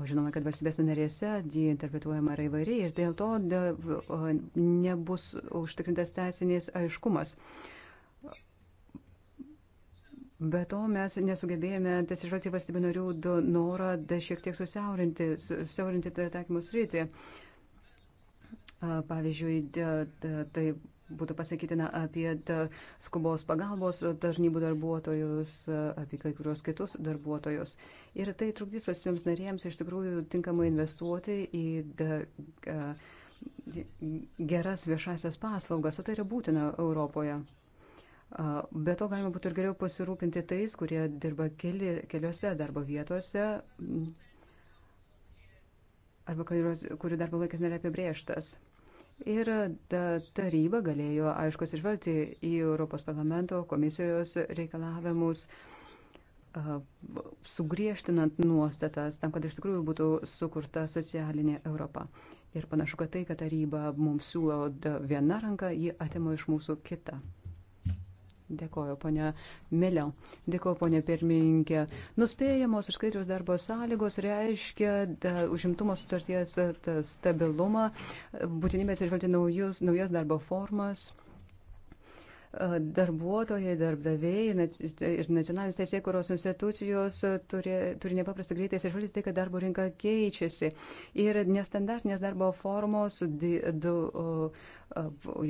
o žinome, kad valstybės narėse jį interpretuojama yra įvairiai ir dėl to nebus užtikrintas teisinės aiškumas. Be to mes nesugebėjome atsižvelgti valstybių narių norą šiek tiek susiaurinti, susiaurinti taikymus rytį. Pavyzdžiui, tai būtų pasakytina apie skubos pagalbos tarnybų darbuotojus, apie kai kurios kitus darbuotojus. Ir tai trukdys valstybėms narėms iš tikrųjų tinkamai investuoti į da, geras viešasias paslaugas, o tai yra būtina Europoje. Be to galima būtų ir geriau pasirūpinti tais, kurie dirba keli, keliose darbo vietose arba kurių darbo laikas nėra apibrieštas. Ir taryba galėjo, aišku, atsižvelgti į Europos parlamento komisijos reikalavimus, sugriežtinant nuostatas tam, kad iš tikrųjų būtų sukurta socialinė Europa. Ir panašu, kad tai, kad taryba mums siūlo vieną ranką, ji atima iš mūsų kitą. Dėkoju, ponia Mėliau. Dėkoju, ponia pirmininkė. Nuspėjamos ir skaidrios darbo sąlygos reiškia da, užimtumo sutarties stabilumą, būtinybės išvalgti naujas darbo formas darbuotojai, darbdaviai ir nacionalinės teisėkuros institucijos turi, turi nepaprastai greitai atsižvelgti tai, kad darbo rinka keičiasi. Ir nestandartinės darbo formos, di, du,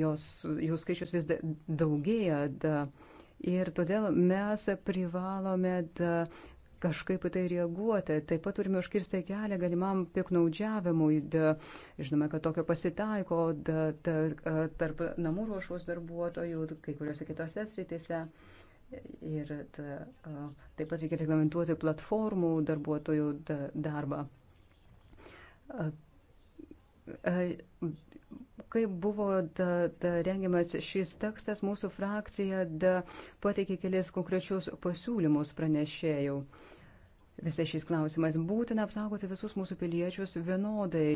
jos, jų skaičius vis daugėja. Da, ir todėl mes privalome da, kažkaip į tai reaguoti. Taip pat turime užkirsti kelią galimam piknaudžiavimui. Žinome, kad tokio pasitaiko da, da, tarp namų ruošos darbuotojų, kai kuriuose kitose sritise. Ir da, taip pat reikia reglamentuoti platformų darbuotojų da, darbą. Kai buvo da, da, rengiamas šis tekstas, mūsų frakcija da, pateikė kelias konkrečius pasiūlymus pranešėjų. Uh, visais šiais klausimais. Būtina apsaugoti visus mūsų piliečius vienodai,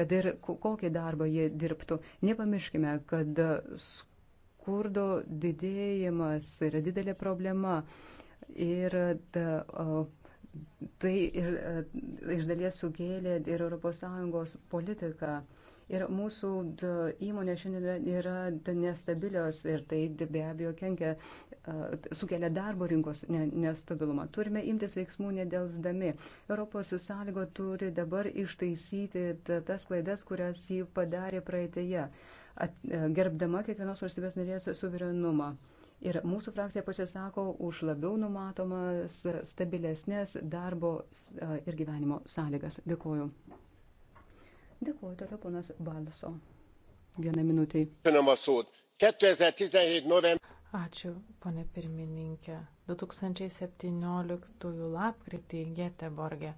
kad ir kokį darbą jie dirbtų. Nepamirškime, kad skurdo didėjimas yra didelė problema. Ir da, tai ir, e, iš dalies sukėlė ir ES politika. Ir mūsų įmonės šiandien yra nestabilios ir tai be abejo kenkia, sukelia darbo rinkos nestabilumą. Turime imtis veiksmų nedelsdami. Europos sąlygo turi dabar ištaisyti tas klaidas, kurias jį padarė praeitėje, e, gerbdama kiekvienos valstybės narės suverenumą. Ir mūsų frakcija pasisako už labiau numatomas, stabilesnės darbo ir gyvenimo sąlygas. Dėkuoju. Dėkuoju toliau ponas Balso. Vieną minutį. Ačiū, ponė pirmininkė. 2017 lapkritį Geteborge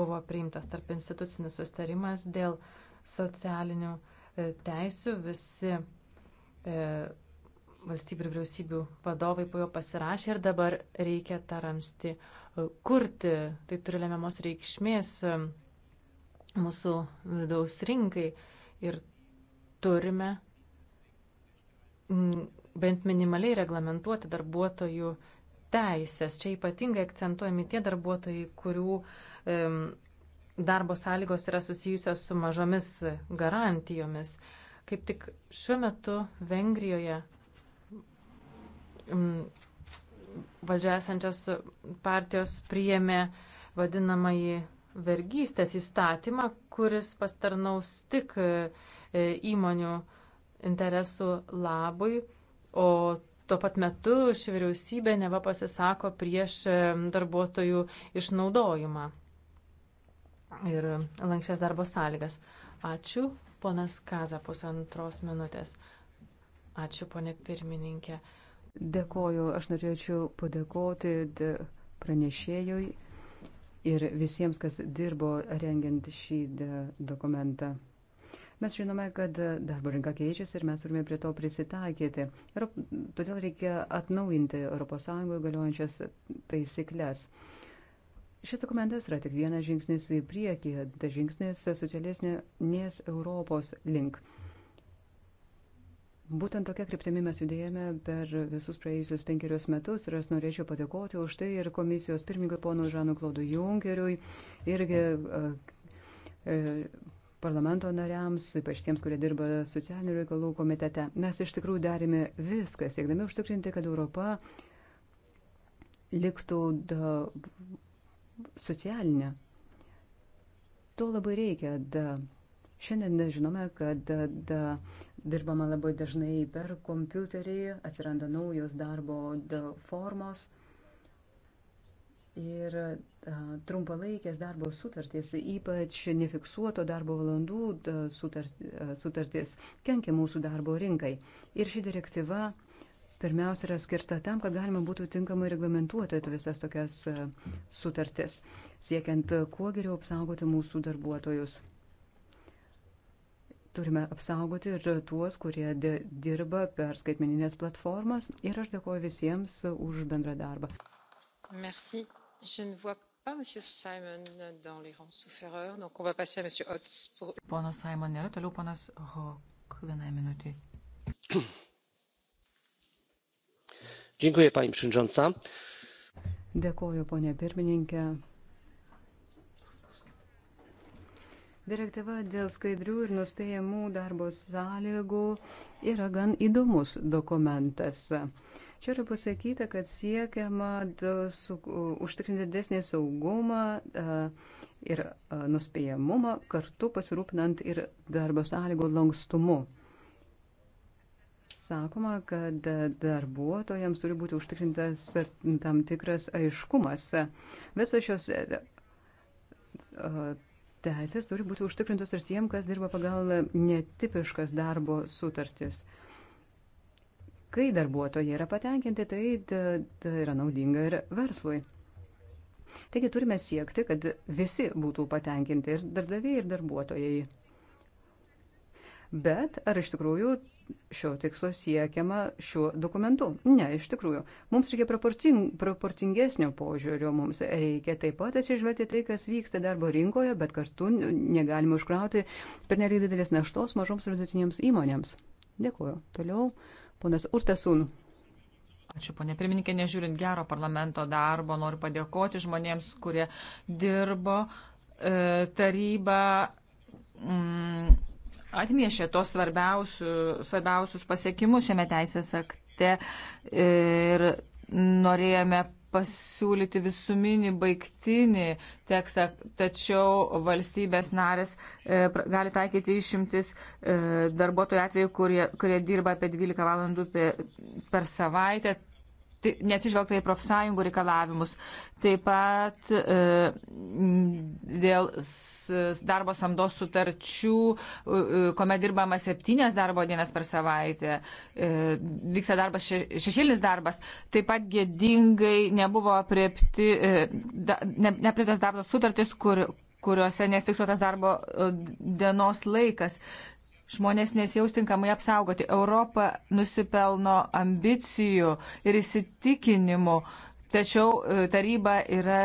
buvo priimtas tarp institucinis sustarimas dėl socialinių e, teisių. Visi e, valstybių ir vyriausybių vadovai po jo pasirašė ir dabar reikia tą ramsti e, kurti. Tai turi lemiamos reikšmės e, mūsų vidaus rinkai ir turime mm, bent minimaliai reglamentuoti darbuotojų teisės. Čia ypatingai akcentuojami tie darbuotojai, kurių um, darbo sąlygos yra susijusios su mažomis garantijomis. Kaip tik šiuo metu Vengrijoje um, valdžia esančios partijos priėmė vadinamąjį vergystės įstatymą, kuris pastarnaus tik e, įmonių interesų labui, o tuo pat metu ši vyriausybė neva pasisako prieš e, darbuotojų išnaudojimą ir lankščias darbo sąlygas. Ačiū, ponas Kaza, pusantros minutės. Ačiū, ponė pirmininkė. Dėkoju, aš norėčiau padėkoti pranešėjui ir visiems, kas dirbo rengiant šį dokumentą. Mes žinome, kad darbo rinka keičiasi ir mes turime prie to prisitaikyti. Ir todėl reikia atnaujinti ES galiojančias taisyklės. Šis dokumentas yra tik vienas žingsnis į priekį, tai žingsnis socialistinės Europos link. Būtent tokia kryptimi mes judėjome per visus praėjusius penkerius metus ir aš norėčiau padėkoti už tai ir komisijos pirmininkui ponui Žanui Klaudui Junkeriui, irgi e, e, parlamento nariams, ypač tiems, kurie dirba socialinių reikalų komitete. Mes iš tikrųjų darėme viską, siekdami užtikrinti, kad Europa liktų da, socialinė. To labai reikia. Da. Šiandien žinome, kad da, da, Dirbama labai dažnai per kompiuterį, atsiranda naujos darbo formos ir trumpalaikės darbo sutartys, ypač nefiksuoto darbo valandų sutartys, kenkia mūsų darbo rinkai. Ir ši direktyva pirmiausia yra skirta tam, kad galima būtų tinkamai reglamentuoti visas tokias sutartis, siekiant kuo geriau apsaugoti mūsų darbuotojus. Turime apsaugoti ir tuos, kurie dirba per skaitmeninės platformas. Ir aš dėkoju visiems už bendrą darbą. Merci. Je ne vois pas M. Simon dans les rangs souffreurs, donc on va passer à M. Hotz. Pour... Pono Simon nėra, toliau ponas Hok, vienai minutį. Dziękuję pani przewodnicząca. Dėkoju, ponė pirmininkė. Direktyva dėl skaidrių ir nuspėjamų darbo sąlygų yra gan įdomus dokumentas. Čia yra pasakyta, kad siekiama su, užtikrinti didesnį saugumą ir nuspėjamumą, kartu pasirūpinant ir darbo sąlygų lankstumu sakoma, kad darbuotojams turi būti užtikrintas tam tikras aiškumas. Visos šios teisės turi būti užtikrintos ir tiem, kas dirba pagal netipiškas darbo sutartis. Kai darbuotojai yra patenkinti, tai, tai yra naudinga ir verslui. Taigi turime siekti, kad visi būtų patenkinti ir darbdaviai, ir darbuotojai. Bet ar iš tikrųjų šio tikslo siekiama šiuo dokumentu? Ne, iš tikrųjų. Mums reikia proporcing, proporcingesnio požiūrio, mums reikia taip pat atsižvelgti tai, kas vyksta darbo rinkoje, bet kartu negalime užkrauti per nelį didelės naštos mažoms ir vidutinėms įmonėms. Dėkuoju. Toliau, ponas Urtasun. Ačiū, ponė pirmininkė, nežiūrint gero parlamento darbo, noriu padėkoti žmonėms, kurie dirbo e, tarybą. Mm, atmiešė tos svarbiausius, svarbiausius pasiekimus šiame teisės akte ir norėjome pasiūlyti visuminį baigtinį tekstą, tačiau valstybės narės e, gali taikyti išimtis e, darbuotojų atveju, kurie, kurie dirba apie 12 valandų per, per savaitę. Tai neatsižvelgta į profsąjungų reikalavimus. Taip pat e, dėl darbo samdos sutarčių, e, kuomet dirbama septynės darbo dienas per savaitę, e, vyksta darbas, še, šešėlis darbas, taip pat gėdingai nebuvo apriepti, e, da, ne, neaprieptos darbo sutartis, kur kuriuose nefiksuotas darbo e, dienos laikas žmonės nesijaus tinkamai apsaugoti. Europa nusipelno ambicijų ir įsitikinimų, tačiau e, taryba yra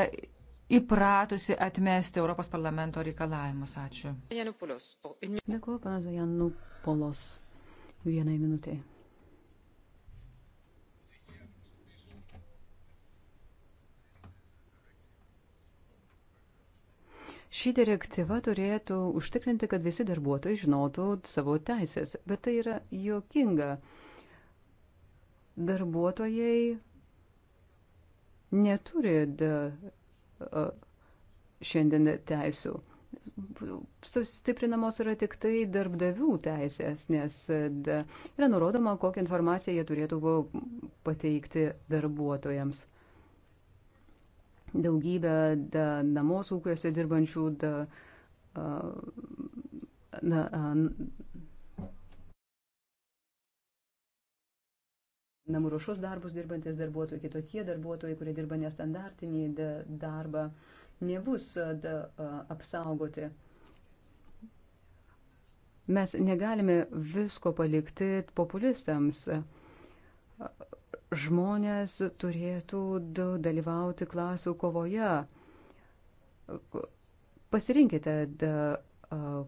įpratusi atmesti Europos parlamento reikalavimus. Ačiū. Dėkuoju, panas Janupolos. Vienai minutėjai. Ši direktyva turėtų užtikrinti, kad visi darbuotojai žinotų savo teisės, bet tai yra jokinga. Darbuotojai neturi da, šiandien teisų. Sustiprinamos yra tik tai darbdavių teisės, nes da, yra nurodoma, kokią informaciją jie turėtų pateikti darbuotojams daugybę da, namos ūkiuose dirbančių da, na, namų rušus darbus dirbantis darbuotojai, kitokie darbuotojai, kurie dirba nestandartinį da, darbą, nebus da, apsaugoti. Mes negalime visko palikti populistams žmonės turėtų dalyvauti klasių kovoje. Pasirinkite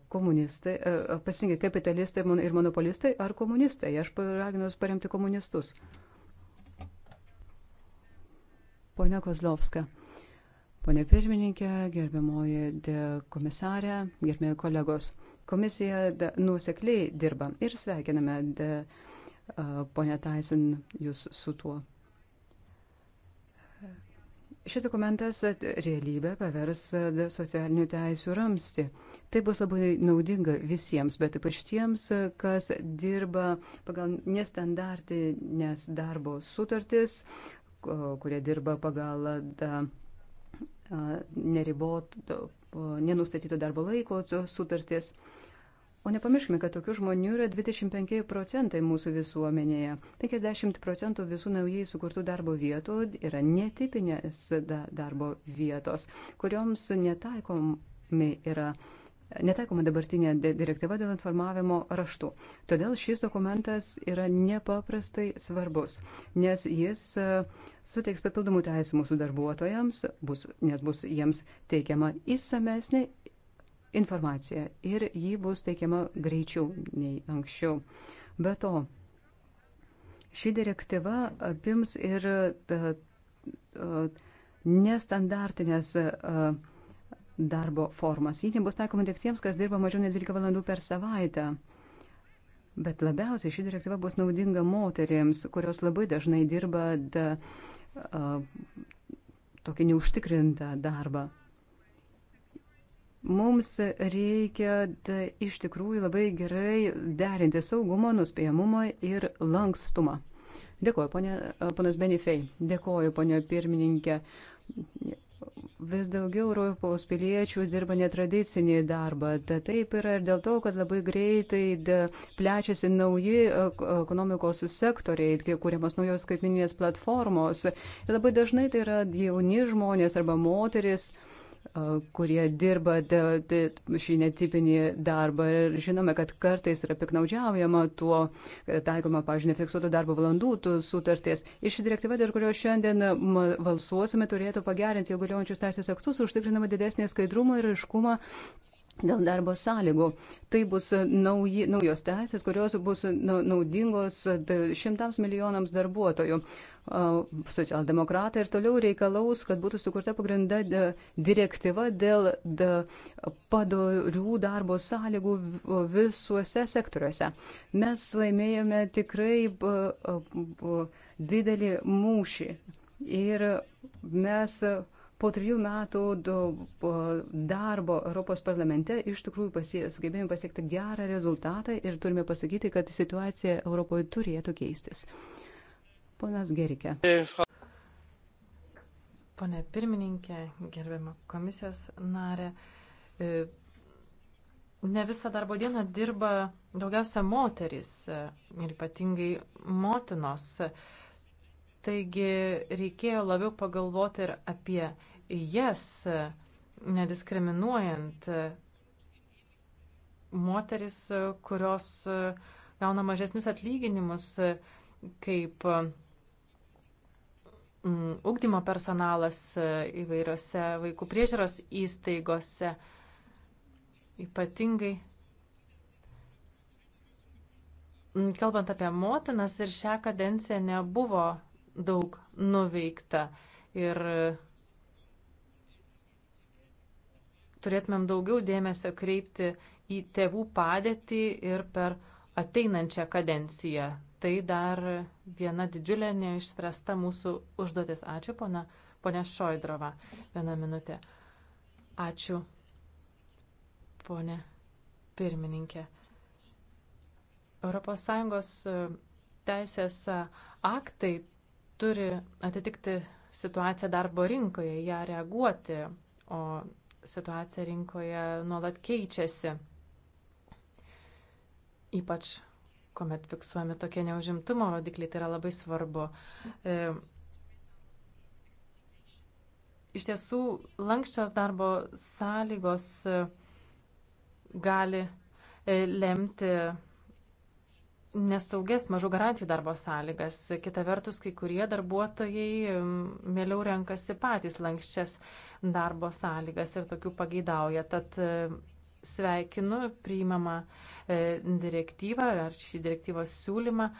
komunistai, pasirinkite kapitalistai ir monopolistai ar komunistai. Aš raginu jūs paremti komunistus. Pone Kozlovska. Pone pirmininkė, gerbiamoji komisarė, gerbiami kolegos. Komisija nusekliai dirba ir sveikiname. De, Pone Taisin, jūs su tuo. Šis dokumentas realybę pavers socialinių teisų ramsti. Tai bus labai naudinga visiems, bet ypač tiems, kas dirba pagal nestandartinės darbo sutartis, kurie dirba pagal da, neribot, nenustatyto darbo laiko sutartis. Uh, O nepamirškime, kad tokių žmonių yra 25 procentai mūsų visuomenėje. 50 procentų visų naujai sukurtų darbo vietų yra netipinės darbo vietos, kurioms netaikomi yra. Netaikoma dabartinė direktyva dėl informavimo raštų. Todėl šis dokumentas yra nepaprastai svarbus, nes jis e, suteiks papildomų teisų mūsų darbuotojams, bus, nes bus jiems teikiama įsamesnė informacija ir ji bus teikiama greičiau nei anksčiau. Be to, ši direktyva apims ir e, e, nestandartinės e, darbo formas. Ji nebus taikoma tik tiems, kas dirba mažiau nei 12 valandų per savaitę. Bet labiausiai ši direktyva bus naudinga moteriams, kurios labai dažnai dirba da, a, tokį neužtikrintą darbą. Mums reikia da, iš tikrųjų labai gerai derinti saugumą, nuspėjamumą ir lankstumą. Dėkuoju, ponė, ponas Benifei. Dėkuoju, ponė pirmininkė. Vis daugiau Europos piliečių dirba netradicinį darbą. Ta taip yra ir dėl to, kad labai greitai plečiasi nauji ekonomikos sektoriai, kuriamas naujos skaitmininės platformos. Ir labai dažnai tai yra jauni žmonės arba moteris. Uh, kurie dirba šį netipinį darbą. Ir žinome, kad kartais yra piknaudžiaujama tuo, e, taikoma, pažiūrėjau, nefiksuoto darbo valandų sutarties. Ir ši direktyva, dėl kurio šiandien e, valsuosime, turėtų pagerinti jau galiojančius teisės aktus, užtikrinama didesnį skaidrumą ir iškumą dėl darbo sąlygų. Tai bus nauji, naujos teisės, kurios bus naudingos šimtams milijonams darbuotojų. Socialdemokratai ir toliau reikalaus, kad būtų sukurta pagrinda direktyva dėl padorių darbo sąlygų visuose sektoriuose. Mes laimėjome tikrai didelį mūšį ir mes Po trijų metų darbo Europos parlamente iš tikrųjų pasie, sugebėjome pasiekti gerą rezultatą ir turime pasakyti, kad situacija Europoje turėtų keistis. Ponas Gerike. Pone pirmininkė, gerbiama komisijos narė, e, ne visą darbo dieną dirba daugiausia moteris e, ir ypatingai motinos. Taigi reikėjo labiau pagalvoti ir apie jas, nediskriminuojant moteris, kurios gauna mažesnius atlyginimus kaip mm, ugdymo personalas įvairiose vaikų priežiūros įstaigose. Ypatingai mm, kalbant apie motinas ir šią kadenciją nebuvo daug nuveikta ir turėtumėm daugiau dėmesio kreipti į tėvų padėtį ir per ateinančią kadenciją. Tai dar viena didžiulė neišspręsta mūsų užduotis. Ačiū, pona, ponia Šoidrova. Vieną minutę. Ačiū, ponia pirmininkė. ES teisės aktai turi atitikti situaciją darbo rinkoje, ją reaguoti, o situacija rinkoje nuolat keičiasi. Ypač, kuomet fiksuojami tokie neužimtumo rodikliai, tai yra labai svarbu. E, iš tiesų, lankščios darbo sąlygos e, gali e, lemti nesaugias, mažų garantijų darbo sąlygas. Kita vertus, kai kurie darbuotojai mieliau renkasi patys lankščias darbo sąlygas ir tokių pageidauja. Tad e, sveikinu priimamą e, direktyvą ar šį direktyvos siūlymą